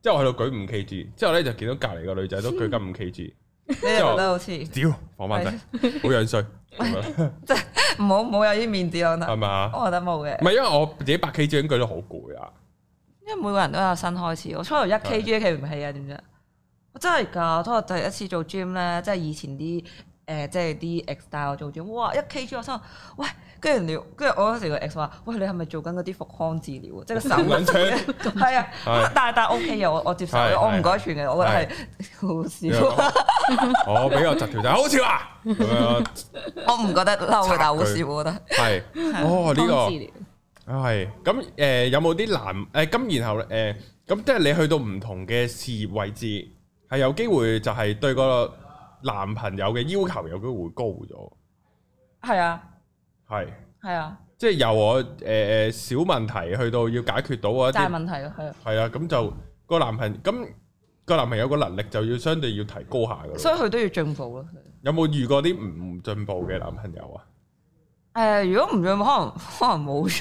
之後我喺度舉五 KG，之後咧就見到隔離個女仔都舉緊五 KG，你覺得好似，屌，放翻低，好樣衰。即係唔好唔有啲面子咯，吧我覺得係嘛，我覺得冇嘅。唔係，因為我自己八 K G 都好攰啊，因為每個人都有新開始。我初頭一 K G，企唔起啊，點樣的？真的的我真係噶，初頭第一次做 gym 咧，即係以前啲。誒、呃，即係啲 X 我做咗，哇一 K G 我心，喂，跟住聊，跟住我嗰時個 X 話，喂，你係咪做緊嗰啲復康治療、 嗯、 啊？即係手緊錘，係啊， 但係但 O K 啊，我我接受， 啊、我唔改傳嘅，我覺得係好笑。我比較執條仔，好笑啊！我唔覺得嬲嘅，但好笑我覺得係。哦、啊，呢個係咁誒，有冇啲難誒？咁、嗯嗯 嗯嗯嗯嗯、然後咧，誒、嗯，咁即係你去到唔同嘅事業位置，係有機會就係對、那個。男朋友嘅要求有啲會高咗，係啊，係，係啊，即係由我誒誒小問題去到要解決到一啲大問題咯，係啊，係啊，咁就個男朋友，咁個男朋友個能力就要相對要提高下嘅，所以佢都要進步咯。有冇遇過啲唔進步嘅男朋友啊？誒，如果唔要可能可能冇咗，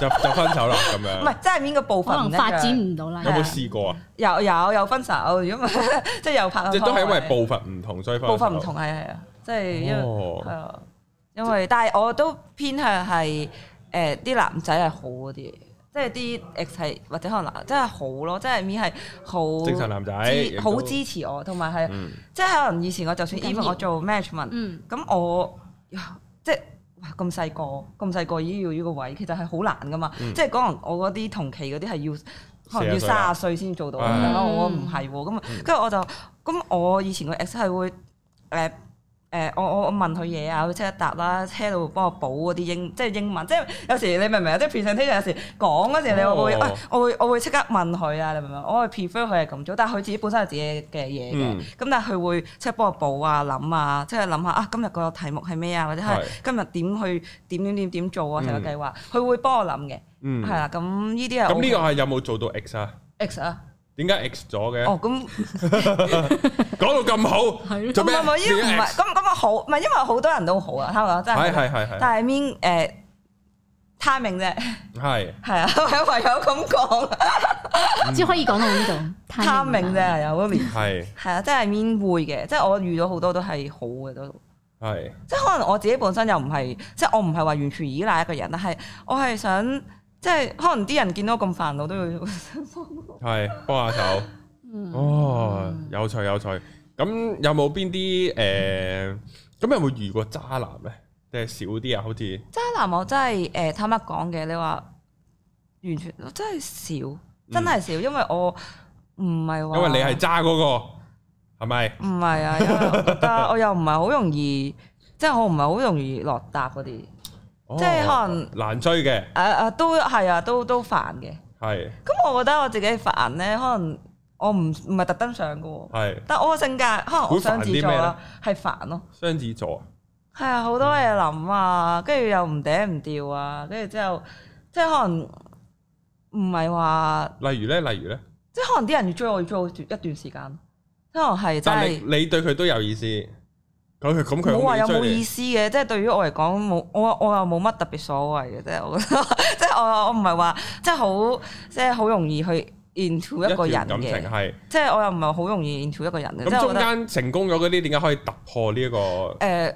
就就分手啦咁樣。唔係，即係面個部分可能發展唔到啦。有冇試過啊？有有有分手，如果即係又拍。即都係因為部分唔同，所以分手。部分唔同係係啊，即係因為，因為但係我都偏向係誒啲男仔係好嗰啲，即係啲 ex 係或者可能真係好咯，即係面係好正常男仔，好支持我，同埋係即係可能以前我就算 even 我做 match 問，咁我即係。哇！咁細個，咁細個已經要呢個位，其實係好難噶嘛，嗯、即係可能我嗰啲同期嗰啲係要可能要三十歲先做到啊，嗯、我唔係咁啊，跟住、嗯、我就咁我以前個 ex 係會誒。呃誒，我我我問佢嘢啊，佢即刻答啦。車度幫我補嗰啲英，即係英文，即係有時你明唔明啊？即係 presentation 有時講嗰時，你時、oh. 時我會，我會我會即刻問佢啊！你明唔明？我會 prefer 佢係咁做，但係佢自己本身有自己嘅嘢嘅。咁、mm. 但係佢會即係幫我補啊、諗啊，即係諗下啊，今日個題目係咩啊？或者係今日點去點點點點做啊？成、mm. 個計劃，佢會幫我諗嘅。嗯、mm.，係啦、OK。咁呢啲係咁呢個係有冇做到 x 啊 x 啊！點解 X 咗嘅？哦，咁講到咁好，做咩？唔係唔係，因為唔係咁咁啊好，唔係因為好多人都好啊，係咪啊？真係。係係係係但係 mean 誒，timing 啫。係係啊，唯有咁講，只可以講到呢度，timing 啫，有啲係係啊，即係 mean 會嘅，即係我遇到好多都係好嘅都係，即係可能我自己本身又唔係，即係我唔係話完全依賴一個人，但係我係想。即係可能啲人見到我咁煩惱都要幫，係幫下手。哦、嗯，有趣有趣。咁、呃、有冇邊啲誒？咁有冇遇過渣男咧？定係少啲啊？好似渣男我、呃，我真係誒坦白講嘅，你話完全真係少，真係少，嗯、因為我唔係話因為你係渣嗰、嗰個係咪？唔係啊，因為我又唔係好容易，即係 我唔係好容易落搭嗰啲。即係可能難追嘅，誒誒，都係啊，都啊都煩嘅。係。咁是我覺得我自己煩咧，可能我唔唔係特登想嘅。係是。但係我性格，可能雙子座啦，係煩咯。雙子座啊？係啊、嗯，好多嘢諗啊，跟住又唔嗲唔吊啊，跟住之後，即係可能唔係話。例如咧，例如咧。即係可能啲人要追我，要追我一段一段時間，可能係就係。你對佢都有意思，佢好話有冇意思嘅？你， 即係對於我嚟講冇，我我又冇乜特別所謂嘅啫。我即係我我唔係話即係好即係好容易去 into 一個人嘅，即係我又唔係好容易 into 一個人嘅。咁中間成功咗嗰啲，點解可以突破呢一個誒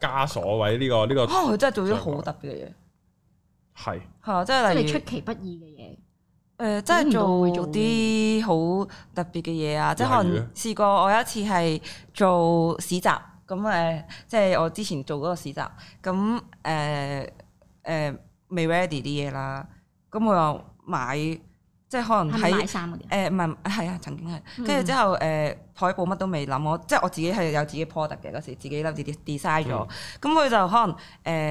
枷鎖位呢個呢個？哦、呃，佢真係做啲好特別嘅嘢，係、這、係、個這個、啊，是即係例如出其不意嘅嘢，誒、呃，即係做做啲好特別嘅嘢啊！如即係可能試過我有一次係做市集。咁誒，即係我之前做嗰個市集，咁誒誒未 ready 啲嘢啦，咁我又買，即係可能喺買衫誒唔係，係啊曾經係，跟住之後誒台布乜都未諗，我即係我自己係有自己 product 嘅嗰時，自己諗自己 design 咗，咁佢就可能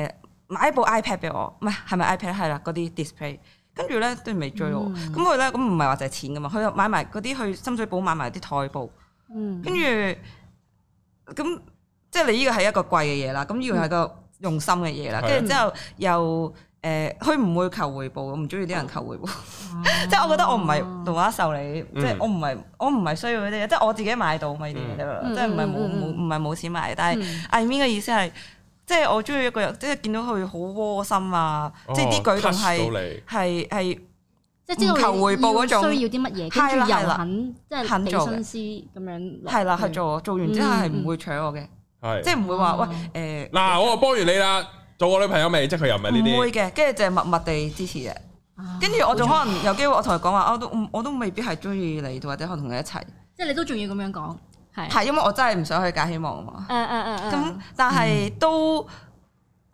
誒買部 iPad 俾我，唔係係咪 iPad？係啦，嗰啲 display，跟住咧都未追我，咁佢咧咁唔係話借係錢噶嘛，佢又買埋嗰啲去深水埗買埋啲台布，嗯，跟住咁。即係你呢個係一個貴嘅嘢啦，咁呢係個用心嘅嘢啦，跟住之後又誒，佢唔會求回報，我唔中意啲人求回報。即係我覺得我唔係動畫手嚟，即係我唔係我唔係需要嗰啲，即係我自己買到咪點得啦。即係唔係冇冇唔係冇錢買，但係 I mean 嘅意思係，即係我中意一個人，即係見到佢好窩心啊，即係啲舉動係係係，即係唔求回報嗰種，需要啲乜嘢，跟住又肯即係肯做，心思咁樣。係啦，係做，做完之後係唔會搶我嘅。即係唔會話喂誒，嗱我啊幫完你啦，做我女朋友未？即佢又唔係呢啲，唔會嘅，跟住就係默默地支持嘅。跟住我仲可能有機會，我同佢講話，我都我都未必係中意你，或者可能同你一齊。即係你都仲要咁樣講，係，因為我真係唔想去假希望啊嘛。咁但係都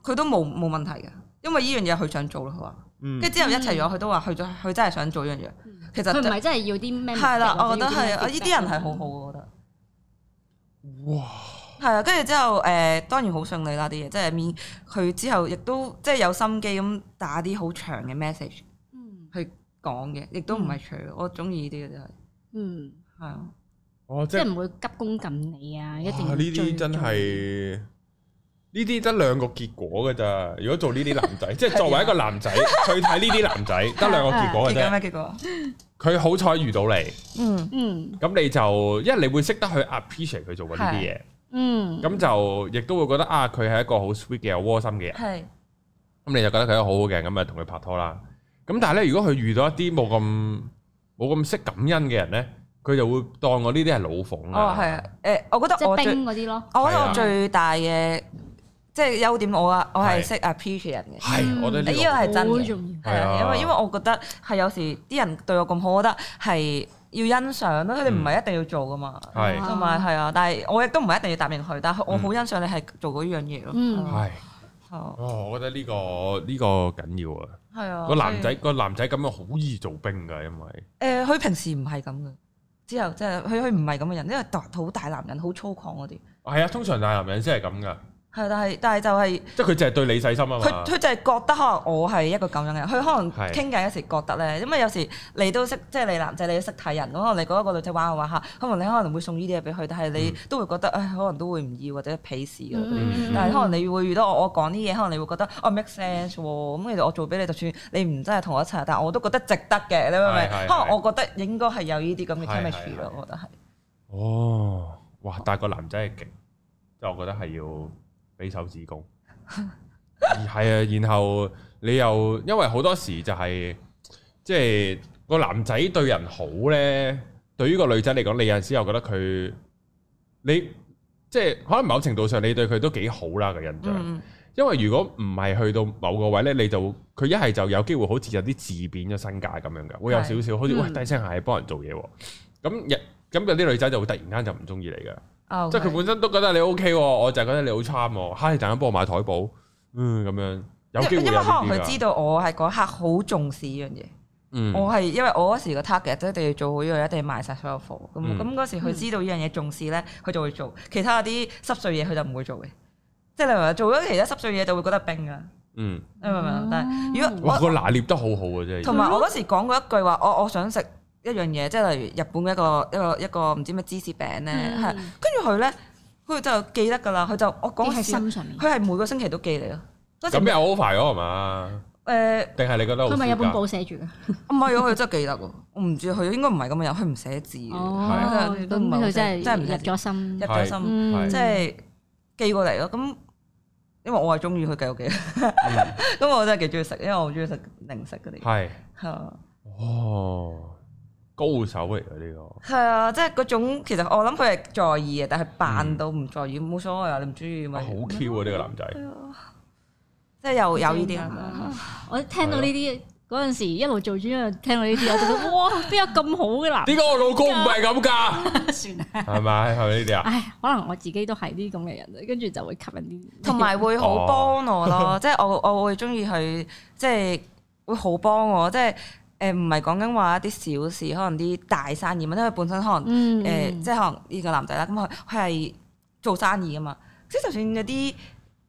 佢都冇冇問題嘅，因為呢樣嘢佢想做咯，佢話，跟住之後一齊咗，佢都話佢咗，佢真係想做呢樣嘢。其實唔係真係要啲咩，係啦，我覺得係啊，呢啲人係好好，我覺得。哇！係啊，跟住之後，誒當然好順利啦啲嘢，即係面佢之後亦都即係有心機咁打啲好長嘅 message，去講嘅，亦都唔係除我中意呢啲嘅真係，嗯，係啊，哦，即係唔會急功近利啊，一定呢啲真係呢啲得兩個結果嘅咋。如果做呢啲男仔，即係作為一個男仔，去睇呢啲男仔，得兩個結果，有咩結果？佢好彩遇到你，嗯嗯，咁你就因為你會識得去 appreciate 佢做過呢啲嘢。嗯，咁就亦都會覺得啊，佢係一個好 sweet 嘅、好窩心嘅人。係，咁你就覺得佢好好嘅人，咁啊同佢拍拖啦。咁但係咧，如果佢遇到一啲冇咁冇咁識感恩嘅人咧，佢就會當我呢啲係老奉，啊。哦，係啊，誒，我覺得即係兵嗰啲咯。我覺得我最，我覺得我最大嘅，啊，即係優點我，我啊，我係識 appreciate 人嘅。係，我都你呢個係真重要。係啊，因為因為我覺得係有時啲人對我咁好，我覺得係。要欣賞咯，佢哋唔係一定要做㗎嘛，同埋係啊，啊但係我亦都唔係一定要答應佢，但係我好欣賞你係做過呢樣嘢咯。係，哦，我覺得呢個呢個緊要啊。係啊，個男仔、嗯、個男仔咁樣好易做兵㗎，因為誒、呃，佢平時唔係咁嘅，之後即係佢佢唔係咁嘅人，因為好大男人好粗獷嗰啲。係啊，通常大男人先係咁㗎。係，但係但係就係、是，即係佢淨係對你細心啊嘛。佢佢淨係覺得可能我係一個咁樣嘅人，佢可能傾偈嗰時覺得咧，的因為有時你都識，即、就、係、是、你男仔你都識睇人咯。可能你覺得個女仔玩下玩下，可能你可能會送呢啲嘢俾佢，但係你都會覺得誒、嗯哎，可能都會唔要或者鄙視嘅。嗯、但係可能你會遇到我，我講啲嘢，可能你會覺得哦 make sense 喎、哦。咁其實我做俾你，就算你唔真係同我一齊，但我都覺得值得嘅，你明唔明？是的，是的，可能我覺得應該係有呢啲咁嘅 chemistry 咯、哦，我覺得係。哦，哇！但係個男仔係勁，即我覺得係要。俾手指公，係啊， 然後你又因為好多時就係、是、即係個男仔對人好咧，對於個女仔嚟講，你有陣時又覺得佢你即係可能某程度上你對佢都幾好啦，這個印象，嗯、因為如果唔係去到某個位咧，你就佢一係就有機會好似有啲自貶咗身價咁樣嘅，是會有少少好似喂、嗯、低聲下氣幫人做嘢，啊，咁有咁有啲女仔就會突然間就唔中意你噶。Okay. 即係佢本身都覺得你 O K 喎，我就係覺得你好差喎。嗨，突然間幫我買台布，嗯，咁樣有機會有。因為可能佢知道我係嗰刻好重視呢樣嘢，嗯、我係因為我嗰時個 target 一定要做好嘢、呢個，一定要賣晒所有貨。咁咁嗰時佢知道呢樣嘢重視咧，佢就會做。其他啲濕碎嘢佢就唔會做嘅。即係你話做咗其他濕碎嘢就會覺得冰噶。嗯，你明唔明、哦、但係如果我哇、個拿捏得好好嘅啫。同埋我嗰時講過一句話，我我想食，一樣嘢，即係例如日本一個一個一個唔知咩芝士餅咧，係跟住佢咧，佢就記得噶啦。佢就我講係心上面，佢係每個星期都寄你咯。咁邊有 offer 咗係嘛？誒，定係你覺得佢咪有本簿寫住㗎？唔係啊，佢真係記得喎。我唔知啊，佢應該唔係咁樣，又佢唔寫字嘅。哦，都唔係，真係入咗心，入咗心，即係寄過嚟咯。咁因為我係中意佢繼續寄，咁我真係幾中意食，因為我好中意食零食嗰啲。係嚇，哦。高手嚟嘅，呢個係啊，即係嗰種其實我諗佢係在意嘅，但係扮到唔在意冇、嗯、所謂啊！你唔中意咪好 Q 啊！呢個男仔，即係又有呢啲我聽到呢啲嗰陣時一路做專一聽到呢啲，我就哇！邊 有咁好嘅男、啊？點解我老公唔係咁㗎， 算係咪係呢啲啊？唉吧、 哎，可能我自己都係啲咁嘅人，跟住就會吸引啲，同埋會好幫我咯。即係、哦、 我我會中意去，即、就、係、是、會好幫我，即係。誒唔係講緊話一啲小事，可能啲大生意，因為本身可能誒、嗯呃，即係可能呢個男仔啦，咁佢佢係做生意噶嘛，即係就算有啲誒、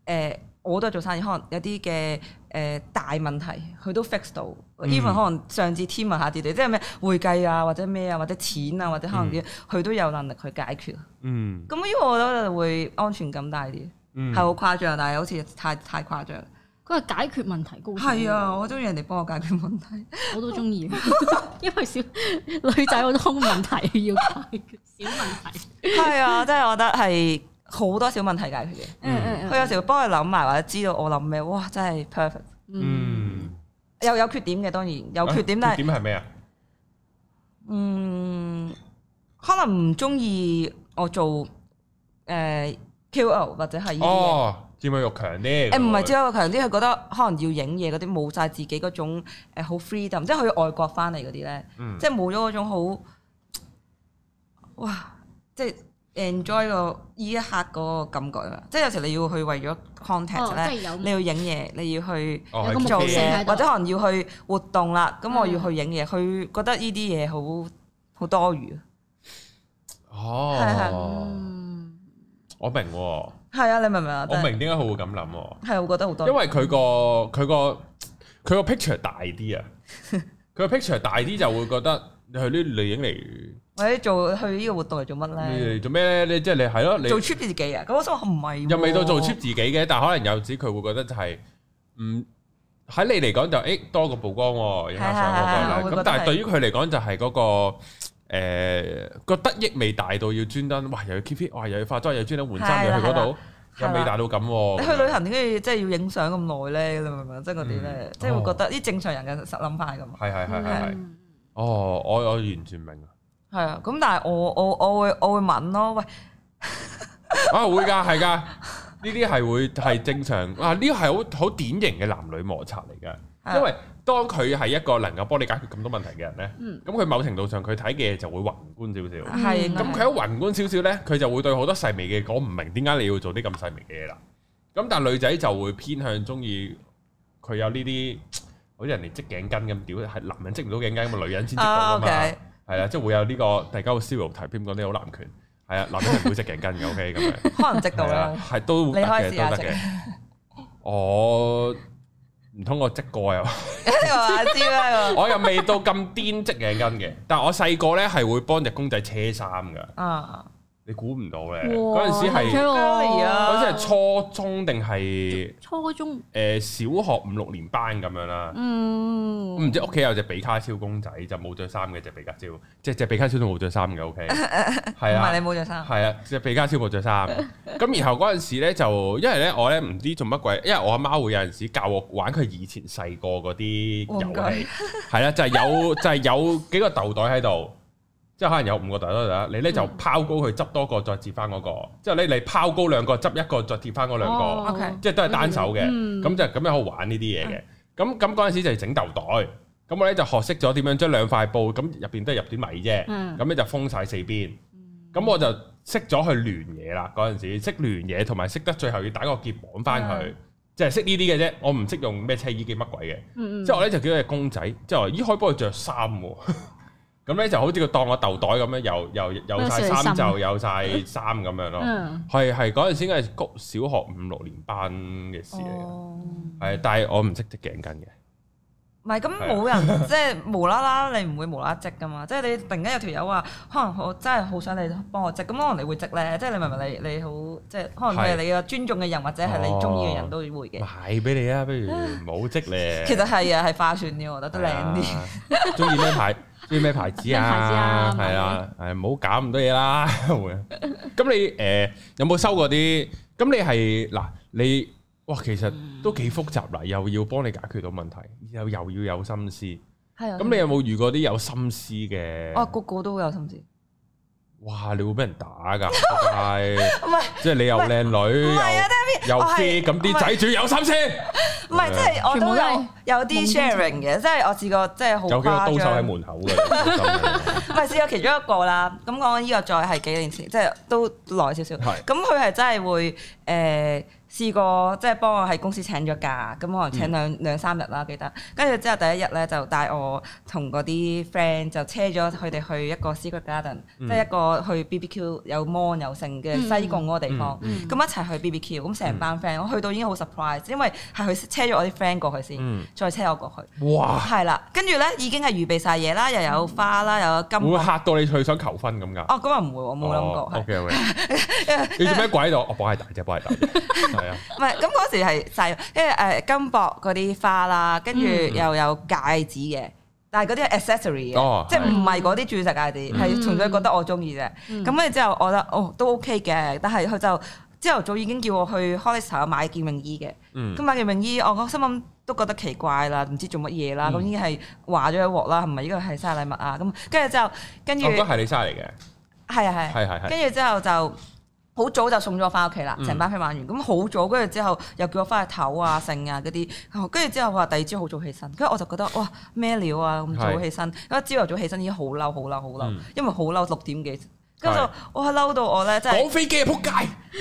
呃、我都係做生意，可能有啲嘅誒大問題，佢都 fix 到，even 可能上至天文下至地，即係咩會計啊，或者咩啊，或者錢啊，或者可能佢、嗯、都有能力去解決。嗯。咁呢個我覺得會安全感大啲，係好、嗯、誇張，但係好似太太誇張。佢係解決問題高手。係啊，我中意人哋幫我解決問題。我都中意， 因為小女仔好多問題 要解決。小問題。係啊，我真係覺得係好多小問題解決嘅。佢、嗯、有時會幫我諗埋，或者知道我諗咩，哇！真係 perfect。嗯。又有，有缺點嘅，當然，有缺點、啊、但是缺點係咩啊？嗯，可能唔中意我做誒、呃、KOL 或者係呢啲嘢點解、欸、弱強啲？誒唔係，只不過強啲佢覺得可能要影嘢嗰啲冇晒自己嗰種好 freedom，即係去外國翻嚟嗰啲咧，即係冇咗嗰種好哇，即係 enjoy 個依一刻嗰個感覺啊！即係有時你要去為咗 contact 咧、哦，你要影嘢，你要去、哦、做，嘢、哦，或者可能要去活動啦，咁我要去影嘢，佢、嗯、覺得呢啲嘢好好多餘啊！哦是是，係係，我明喎、哦。係啊，你明唔明啊？我明點解佢會咁諗喎？係啊，我覺得好多，因為佢個佢個佢個 picture 大啲啊，佢個 picture 大啲就會覺得你去啲嚟影嚟，或者做去呢個活動嚟做乜咧？你做咩咧？你即係、就是、你係咯，你做 cheap 自己啊？咁我想話唔係，又未到做 cheap 自己嘅，但可能有時佢會覺得就係唔喺你嚟講就誒、是欸、多個曝光喎、啊，影下相咁啦。咁、啊、但係對於佢嚟講就係嗰、那個。誒個得益未大到要專登，哇！又要 keep fit，哇！又要化妝，又專登換衫又去嗰度，又未大到咁。你去旅行點解要即係要影相咁耐咧？你明唔明？即係嗰啲咧，即係會覺得啲正常人嘅諗法咁。係係係係。哦，我我完全明啊。係啊，咁但係我我我會我會問咯，喂，啊會㗎，係㗎，呢啲係會係正常啊，呢個係好好典型嘅男女摩擦嚟㗎，因為。當佢係一個能夠幫你解決咁多問題嘅人咧，咁佢某程度上佢睇嘅嘢就會宏觀少少。係，咁佢喺宏觀少少咧，佢就會對好多細微嘅講唔明，點解你要做啲咁細微嘅嘢啦？咁但係女仔就會偏向鍾意佢有呢啲，好似人哋織頸巾咁屌，係男人織唔到頸巾，咁女人先織到啊嘛。係啊，即係會有呢個大家嘅思維題偏講啲好男權。係啊，男人係唔會織頸巾嘅，OK 咁樣。可能織到啦。係都得嘅，都得嘅。我。唔通我執過呀？話知啦！ 我又未到咁癲執嘅筋嘅，但係我細個咧係會幫隻公仔車衫㗎。啊你估唔到咧！嗰陣哇時係嗰陣時係初中定係初中？誒中、呃、小學五六年班咁樣啦。唔、嗯、知屋企有隻比卡超公仔，就冇着衫嘅隻比卡超，即係隻比卡超都冇着衫嘅。O K。係啊，唔係你冇着衫。係啊，隻、啊啊、比卡超冇着衫。咁 然後嗰陣時咧，就因為咧我咧唔知做乜鬼，因為我阿媽，媽會有陣時教我玩佢以前細個嗰啲遊戲，係啦哇、 啊，就係、是、有就係、是有，就是、有幾個豆袋喺度。即係可能有五個袋啦，你咧就拋高去執多個，再接翻嗰個。即係咧你拋高兩個，執一個再接翻嗰兩個，即係都係單手嘅。咁就咁樣好玩呢啲嘢嘅。咁咁嗰陣時就係整豆袋。咁我咧就學識咗點樣將兩塊布，咁入邊都係入啲米啫。咁咧就封晒四邊。咁我就識咗去聯嘢啦。嗰陣時識聯嘢，同埋識得最後要打個結綁翻佢，即係識呢啲嘅啫。我唔識用咩車衣機乜鬼嘅。之後我咧就見到隻公仔。之後咦，可以幫佢着衫？咁咧就好似佢當我豆袋咁樣，又又有晒衫袖，有晒衫咁樣咯。係係嗰陣時應該係讀小學五六年班嘅事嚟嘅，係、哦、但係我唔識執頸巾嘅。唔係咁冇人， 即係無啦啦，你唔會無啦啦積噶嘛。即係你突然間有條友話，可能我真係好想你幫我積，咁可能你會積咧。即係你咪咪你你好，即係可能係你個尊重嘅人，嗯、或者係你中意嘅人都會嘅。買俾、哦、你啊！不如唔好積咧。 其實係啊，係化算啲，我覺得都靚啲。中意咩牌？中意咩牌子啊？牌子啊，係啊，係唔好搞咁多嘢啦。咁 你誒有冇收過啲？咁你係嗱你，你，哇，其實都幾複雜啦，又要幫你解決到問題，又又要有心思。係啊，咁你有冇遇過啲有心思嘅？啊，個個都會有心思。哇，你會俾人打㗎，係唔係？即係你又靚女，又又 fit，咁啲仔主有心思。唔係，即係我都有有啲 sharing 嘅，即係我試過，即係好誇張。有幾個刀手喺門口嘅，唔係試過其中一個啦。咁講呢個再係幾年前，即係都耐少少。係。咁佢係真係會誒。試過即係幫我喺公司請咗假，咁可能請兩兩三日啦，記得。跟住之後第一日咧就帶我同嗰啲 friend 就車咗佢哋去一個 secret garden，即係一個去 BBQ 有摩有盛嘅西貢嗰個地方。咁一齊去 BBQ，咁成班 friend，我去到已經好 surprise，因為係佢車咗我啲 friend 過去先，再車我過去。哇！係啦，跟住咧已經係預備晒嘢啦，又有花啦，又有金，會嚇到你，去想求婚咁㗎？哦，咁又唔會，我冇諗過。你做咩鬼喺度？我幫你大隻，幫你大唔係，咁嗰時係戴，因為誒金箔嗰啲花啦，跟住又有戒指嘅，但係嗰啲 accessory 嘅，即係唔係嗰啲鑽石戒指，係純粹覺得我中意嘅，咁跟住之後，我覺得哦都 OK 嘅，但係佢就朝頭早已經叫我去 Hollister 買件泳衣嘅。咁買件泳衣，我心諗都覺得奇怪啦，唔知做乜嘢啦。咁已經係畫咗一鑊啦，係咪？呢個係生日禮物啊？咁跟住之後，跟住我覺得係你嘥嚟嘅，係啊係，跟住之後就。好早就送咗我返屋企啦，成、嗯、班飛玩完咁好早，跟住之後又叫我返去唞啊、剩啊嗰啲，跟住之後話第二朝好早起身，跟住我就覺得哇咩料啊咁早起身，因一朝頭早起身已經好嬲、好嬲、好嬲，嗯、因為好嬲六點幾，跟住我係嬲到我咧，真係趕飛機啊！仆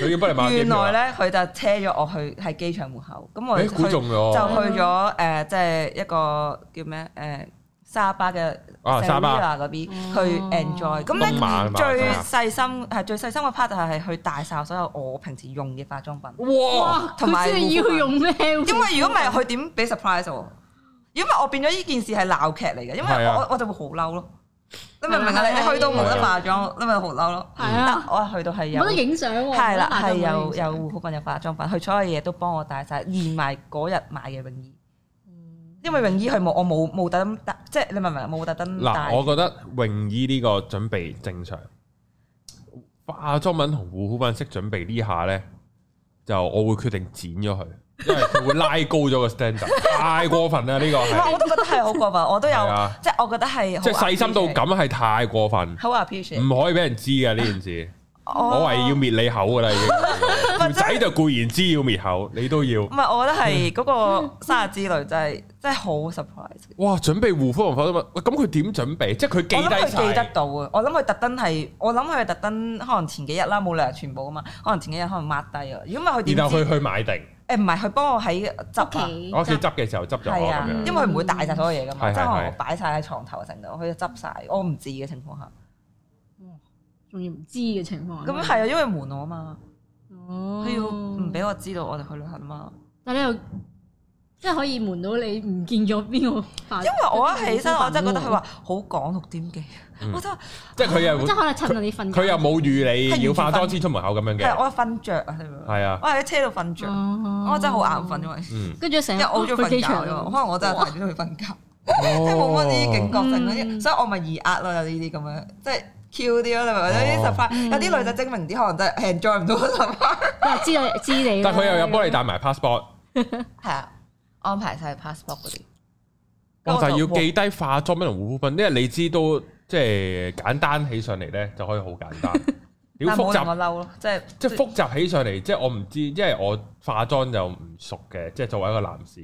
街，原來咧，佢就車咗我去喺機場門口，咁我就去咗誒，即係一個叫咩誒？呃沙巴嘅啊沙嗰邊去 enjoy，咁咧最細心係最細心嘅 part 係係去帶晒所有我平時用嘅化妝品。哇！佢先要用咩？因為如果唔係佢點俾 surprise 我？如果唔係我變咗呢件事係鬧劇嚟嘅，因為我我就會好嬲咯。你明唔明啊？你去到冇得化妝，你咪好嬲咯。係啊，我去到係有冇得影相喎？係啦，係有護膚品有化妝品，佢所有嘢都幫我帶晒，連埋嗰日買嘅泳衣。因為泳衣係冇，我冇冇特登，即係你明唔明？冇特登。嗱，我覺得泳衣呢個準備正常，化妝品同護膚品識準備呢下咧，就我會決定剪咗佢，因為佢會拉高咗個 standard，太過分啦，呢個係。我都覺得係好過分，我都有，即係我覺得係即係細心到咁係太過分。好啊，Peach，唔可以俾人知噶呢件事，我係要滅你口噶啦，已經條仔就固然知要滅口，你都要。唔係，我覺得係嗰個生日之類就係。真係好 surprise！哇，準備護膚用品啊嘛，咁佢點準備？即係佢記得曬。我諗佢記得到啊！我諗佢特登係，我諗佢特登可能前幾日啦，冇理由全部啊嘛。可能前幾日可能抹低啊。如果唔係佢點知？然後去去買定。誒唔係，佢幫我喺執屋企啊，我喺執嘅時候執咗咁樣。因為唔會帶晒所有嘢噶嘛，即係、啊、我擺晒喺牀頭成日，我去執晒。我唔知嘅情況下，仲要唔知嘅情況下。咁樣係啊，因為瞞我啊嘛，佢、哦、要唔俾我知道我哋去旅行啊嘛。但係你又。即係可以瞞到你唔見咗邊個？因為我一起身，我真係覺得佢話好趕六點幾，我都即係佢又即可能趁你瞓，佢又冇預你要化妝先出門口咁樣嘅。係我瞓着啊，係啊，我喺車度瞓着！我真係好眼瞓，因為跟住成日熬咗瞓覺，可能我真係帶住去瞓覺，即冇嗰啲警覺性啲！所以，我咪易壓咯，有呢啲咁樣，即係 Q 啲咯，或者啲 surprise 有啲女仔精明啲，可能真係 enjoy 唔到嗰個 surprise。我知你知，但佢又有幫你帶埋 passport，係啊。安排曬 passport 嗰啲、哦，但係要記低化妝品同護膚品，因為你知道即係、就是、簡單起上嚟咧就可以好簡單。唔係 我嬲咯，即係即係複雜起上嚟，即係我唔知，因為我化妝又唔熟嘅，即係作為一個男士，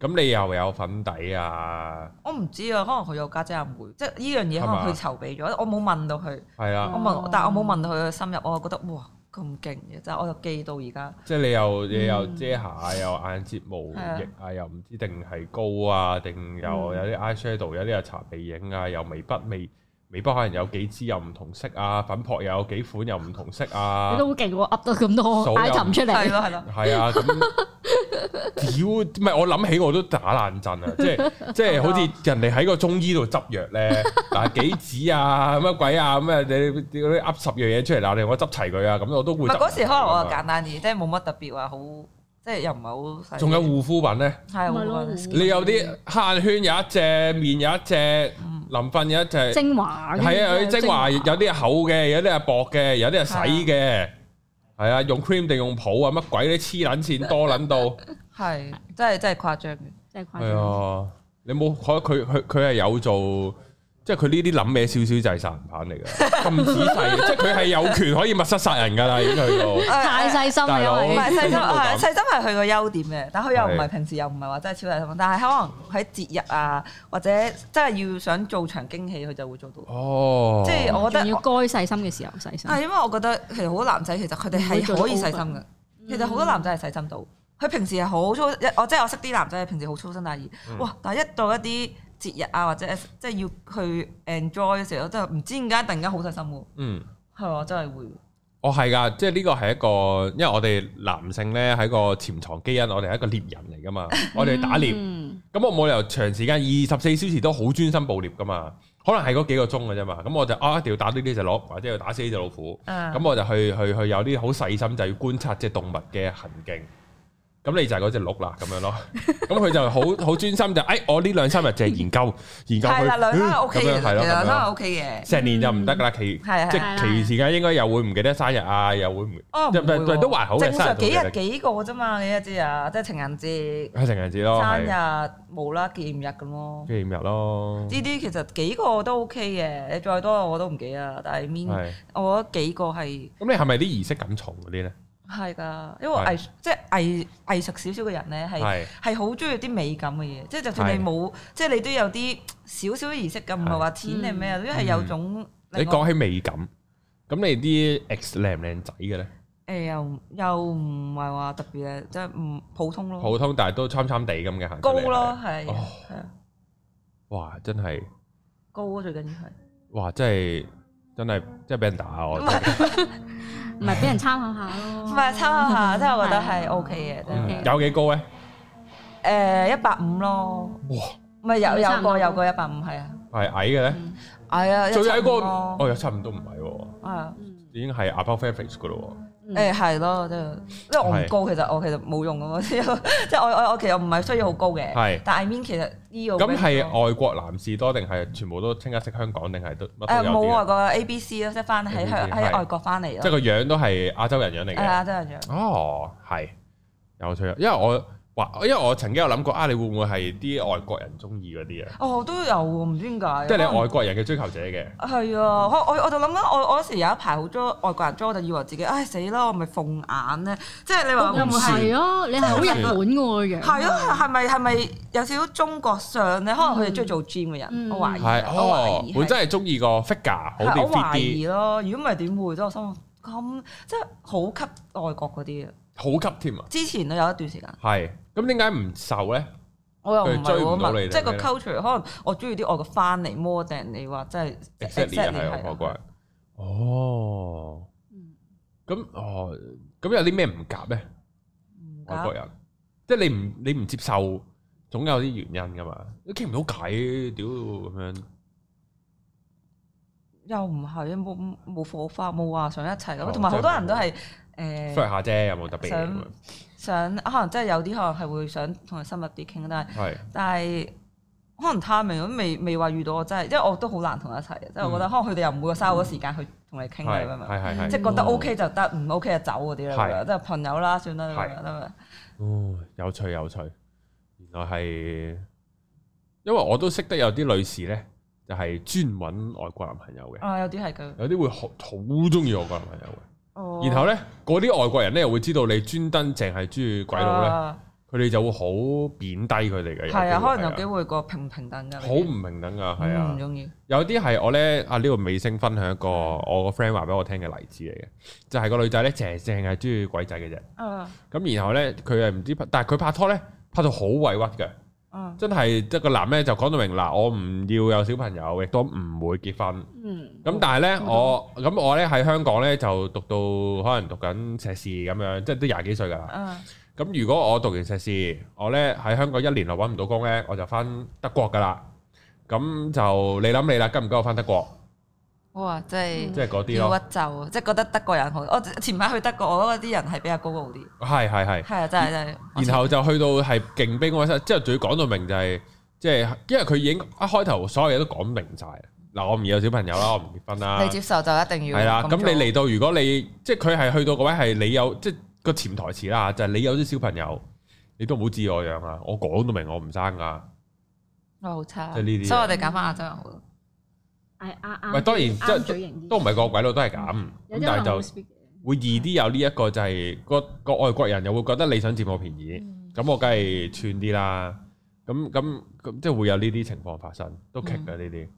咁你又有粉底啊？我唔知啊，可能佢有家姐阿妹，即係呢樣嘢可能佢籌備咗，吧我冇問到佢。係啊，我問，但係我冇問到佢嘅深入，我覺得哇。咁勁嘅，就我就記到而家。即係你又、嗯、你又遮瑕、又眼睫毛液啊，又唔知定係膏啊，定又有啲 eye shadow，有啲又搽鼻影啊，又眉筆眉眉筆可能有幾支又唔同色啊，粉撲又有幾款又唔同色啊。你都好勁喎，up 得咁多又 item 出嚟。係咯係咯，係啊咁。 屌，唔係我諗起我都打爛陣啊！即係即係，好似人哋喺個中醫度執藥咧，嗱杞 子啊，乜鬼啊，咩你啲噏十樣嘢出嚟，嗱，你我執齊佢啊，咁我都會執。唔係嗰時可能我就簡單啲，即係冇乜特別話好，即係又唔係好。仲有護膚品咧，係咯，S 你有啲黑眼圈有一隻，面有一隻，臨瞓、嗯、有一隻精華，係啊，啲精華有啲係厚嘅，有啲係薄嘅，有啲係洗嘅。對 對係啊，用 cream 定用譜啊，乜鬼啲黐捻線多捻到，係真係真係誇張嘅，真係誇張。係啊、哎，你冇可佢佢佢係有做。即係佢呢啲諗咩少少就係殺人犯嚟㗎，咁仔細， 即係佢係有權可以密室殺人㗎啦，已經去到太細心，唔係細心，係細心係佢個優點嘅，但佢又唔係平時的又唔係話真係超細心，但係可能喺節日啊，或者真係要想做場驚喜，佢就會做到。哦，即係我覺得要該細心嘅時候細心。因為我覺得其實好多男仔其實佢哋係可以細心嘅，嗯、其實好多男仔係細心到，佢平時係好粗心，我即係我識啲男仔平時好粗心大意，哇！但係一到一啲。節日啊，或者即係要去 enjoy 嘅時候，真係唔知點解突然間好細心喎。嗯，係喎，真係會。哦，係㗎，即係呢個係一個，因為我哋男性呢係個潛藏基因，我哋係一個獵人嚟㗎嘛，我哋打獵。咁、嗯、我冇理由長時間二十四小時都好專心捕獵㗎嘛，可能係嗰幾個鐘㗎啫嘛。咁我就啊、哦，一定要打到呢隻鹿，或者要打死呢隻老虎。咁、嗯、我就去去去有啲好細心，就是、要觀察即係動物嘅行徑。咁你就係嗰隻鹿啦，咁樣咯。咁佢就好好專心就，哎，我呢兩三日就係研究研究佢咁樣係咯，其實都係 O K 嘅。成年就唔得噶啦，其即係其餘時間應該又會唔記得生日啊，又會唔哦唔係都還好嘅。生日幾日幾個啫嘛？你一知啊，即係情人節。係情人節咯。生日冇啦，紀念日咁咯。紀念日咯，呢啲其實幾個都 O K 嘅。你再多我都唔記得啊。但係面我覺得幾個係。咁你係咪啲儀式感重嗰啲咧？係噶，因為藝術即係藝藝術少少嘅人咧，係係好中意啲美感嘅嘢，即係就算你冇，即係你都有啲少少嘅儀式，唔係話天定咩，都係有種。你講起美感，咁你啲 ex 靚唔靚仔嘅咧？誒，又又唔係話特別嘅，即係唔普通咯。普通，但係都參參地咁嘅。高咯，係係啊！哇，真係高最緊要係。哇！真係。真係即係俾人打我，唔係，唔係俾人參考下咯，唔係參考下，真係我覺得係 OK 嘅。有幾高咧？誒，一百五咯。哇！咪有有個有個一百五係啊。係矮嘅咧？矮啊！最矮個哦，有差唔多唔矮喎。啊，已經係 Apple Phoenix 嘅咯喎。誒係咯，就、嗯嗯、因為我唔高，其實我其實冇用㗎嘛。即係我我我其實唔係需要好高嘅。係是，但係 I mean 其實呢個咁係外國男士多定係全部都清一色香港定係都乜？冇外國 A、B、C ABC，咯是，即係翻喺香喺外國翻嚟咯。即係個樣都係亞洲人樣嚟嘅，亞洲人樣。哦，係有趣，因為我。因為我曾經有諗過啊，你會唔會係啲外國人中意嗰啲啊？我都有唔知點解。即係你外國人嘅追求者嘅。係啊，我我就諗緊，我我嗰時有一排好多外國人中，我就以為自己唉死啦，我咪鳳眼咧。即係你話有冇係啊？你係好日本愛嘅。係啊，係咪係咪有少少中國相咧？可能佢哋中意做 gym 嘅人，我懷疑。係，我真係中意個 figure 好啲。係，我懷疑咯。如果唔係點會？咁我心諗咁，即係好吸外國嗰啲啊。好吸添啊！之前都有一段時間係咁。點解唔受咧？我又唔係我問，即係個 culture 可能我中意啲外國翻嚟 more than 你話真係 exactly 係外國人哦。咁哦咁有啲咩唔夾咧？外國人即係你唔你唔接受，總有啲原因噶嘛。你傾唔到偈，屌咁樣又唔係冇冇火花冇話想一齊咁，同埋好多人都係。s h 下啫，有冇特別？想想，可能真係有啲可能係會想同佢深入啲傾，但係但係可能 t 明咁未未話遇到，我真係，因為我都好難同一齊，即係我覺得可能佢哋又唔會嘥嗰時間去同你傾啦，咁即係覺得 OK 就得，唔 OK 就走嗰啲啦，即係朋友啦，算啦，得啦。有趣有趣，原來係因為我都識得有啲女士咧，就係專揾外國男朋友嘅。啊，有啲係嘅，有啲會好好中意外國男朋友嘅。然後咧，嗰啲外國人咧又會知道你專登淨係中意鬼佬咧，佢哋，啊，就會好貶低佢哋嘅人。係啊，可能有機會個平唔平等㗎。好唔平等噶，係、嗯、啊。唔中意。有啲係我咧啊呢個美星分享一個我個 friend 話俾我聽嘅例子嚟嘅，就係、是、個女仔咧淨係淨係中意鬼仔嘅啫。咁、啊、然後咧，佢係唔知，但係佢拍拖咧拍到好委屈嘅。嗯、真係即係個男咧就講到明，嗱我唔要有小朋友，亦都唔會結婚。嗯，咁、嗯、但係咧、嗯、我咁我咧喺香港咧就讀到可能讀緊碩士咁樣，即係都廿幾歲㗎啦。嗯，咁如果我讀完碩士，我咧喺香港一年內搵唔到工咧，我就翻德國㗎啦。咁就你諗你啦，跟唔跟我翻德國？哇！即係即係嗰啲咯，屈就，即係覺得德國人好。我前排去德國，我覺得啲人係比較高傲啲。係係係。係啊，真係真係。然後就去到係勁兵嗰位，即係仲要講到明就係，即係因為佢已經一開頭所有嘢都講明曬。嗱，我唔有小朋友啦，我唔結婚啦。你接受就一定要。係啦，咁你嚟到，如果你即係佢係去到嗰位係你有，即係個潛台詞啦，就係你有啲小朋友，你都唔好知我樣啊！我講到明，我唔生噶。我好差。即係呢啲，所以我哋揀翻亞洲人好。係啱啱，唔係當然，真都唔係個鬼佬都係咁。但係就會易啲有呢一個就係個外國人又會覺得你想佔我便宜，咁我梗係串啲啦。咁咁咁，即係會有呢啲情況發生，都棘噶呢啲。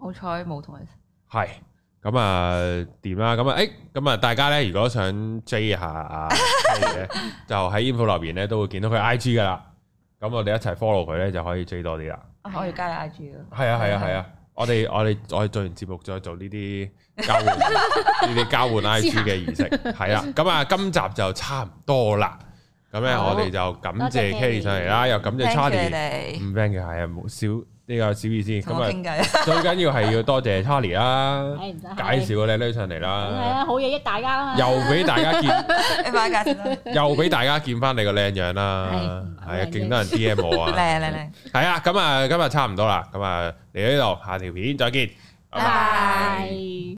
好彩冇同人係咁啊！點啦？咁啊？誒咁啊，大家咧，如果想追下啊，就喺 info 入邊咧都會見到佢 I G 噶啦。咁我哋一齊 follow 佢咧就可以追多啲啦。我可以加你 I G 咯。係啊，係啊，係啊。我哋我哋我哋做完節目再做呢啲交換呢啲 交換 IG 嘅儀式，係啦， 咁啊今集就差唔多啦，咁咧 我哋就感謝 Kelly 上嚟啦，oh, thank 又感謝 Charlie，唔 thank 你 you .係啊，冇少。呢個小意思，咁啊最緊要係要多謝 Charlie 啦，介紹個靚女上嚟啦，咁係啊，好嘢益大家啊嘛，又俾大家見，你快啲介紹啦，又俾大家見翻你個靚樣啦，係啊，勁多人 DM 我啊，靚靚靚，係啊，咁啊今日差唔多啦，咁啊嚟到呢度，下條片再見，拜拜。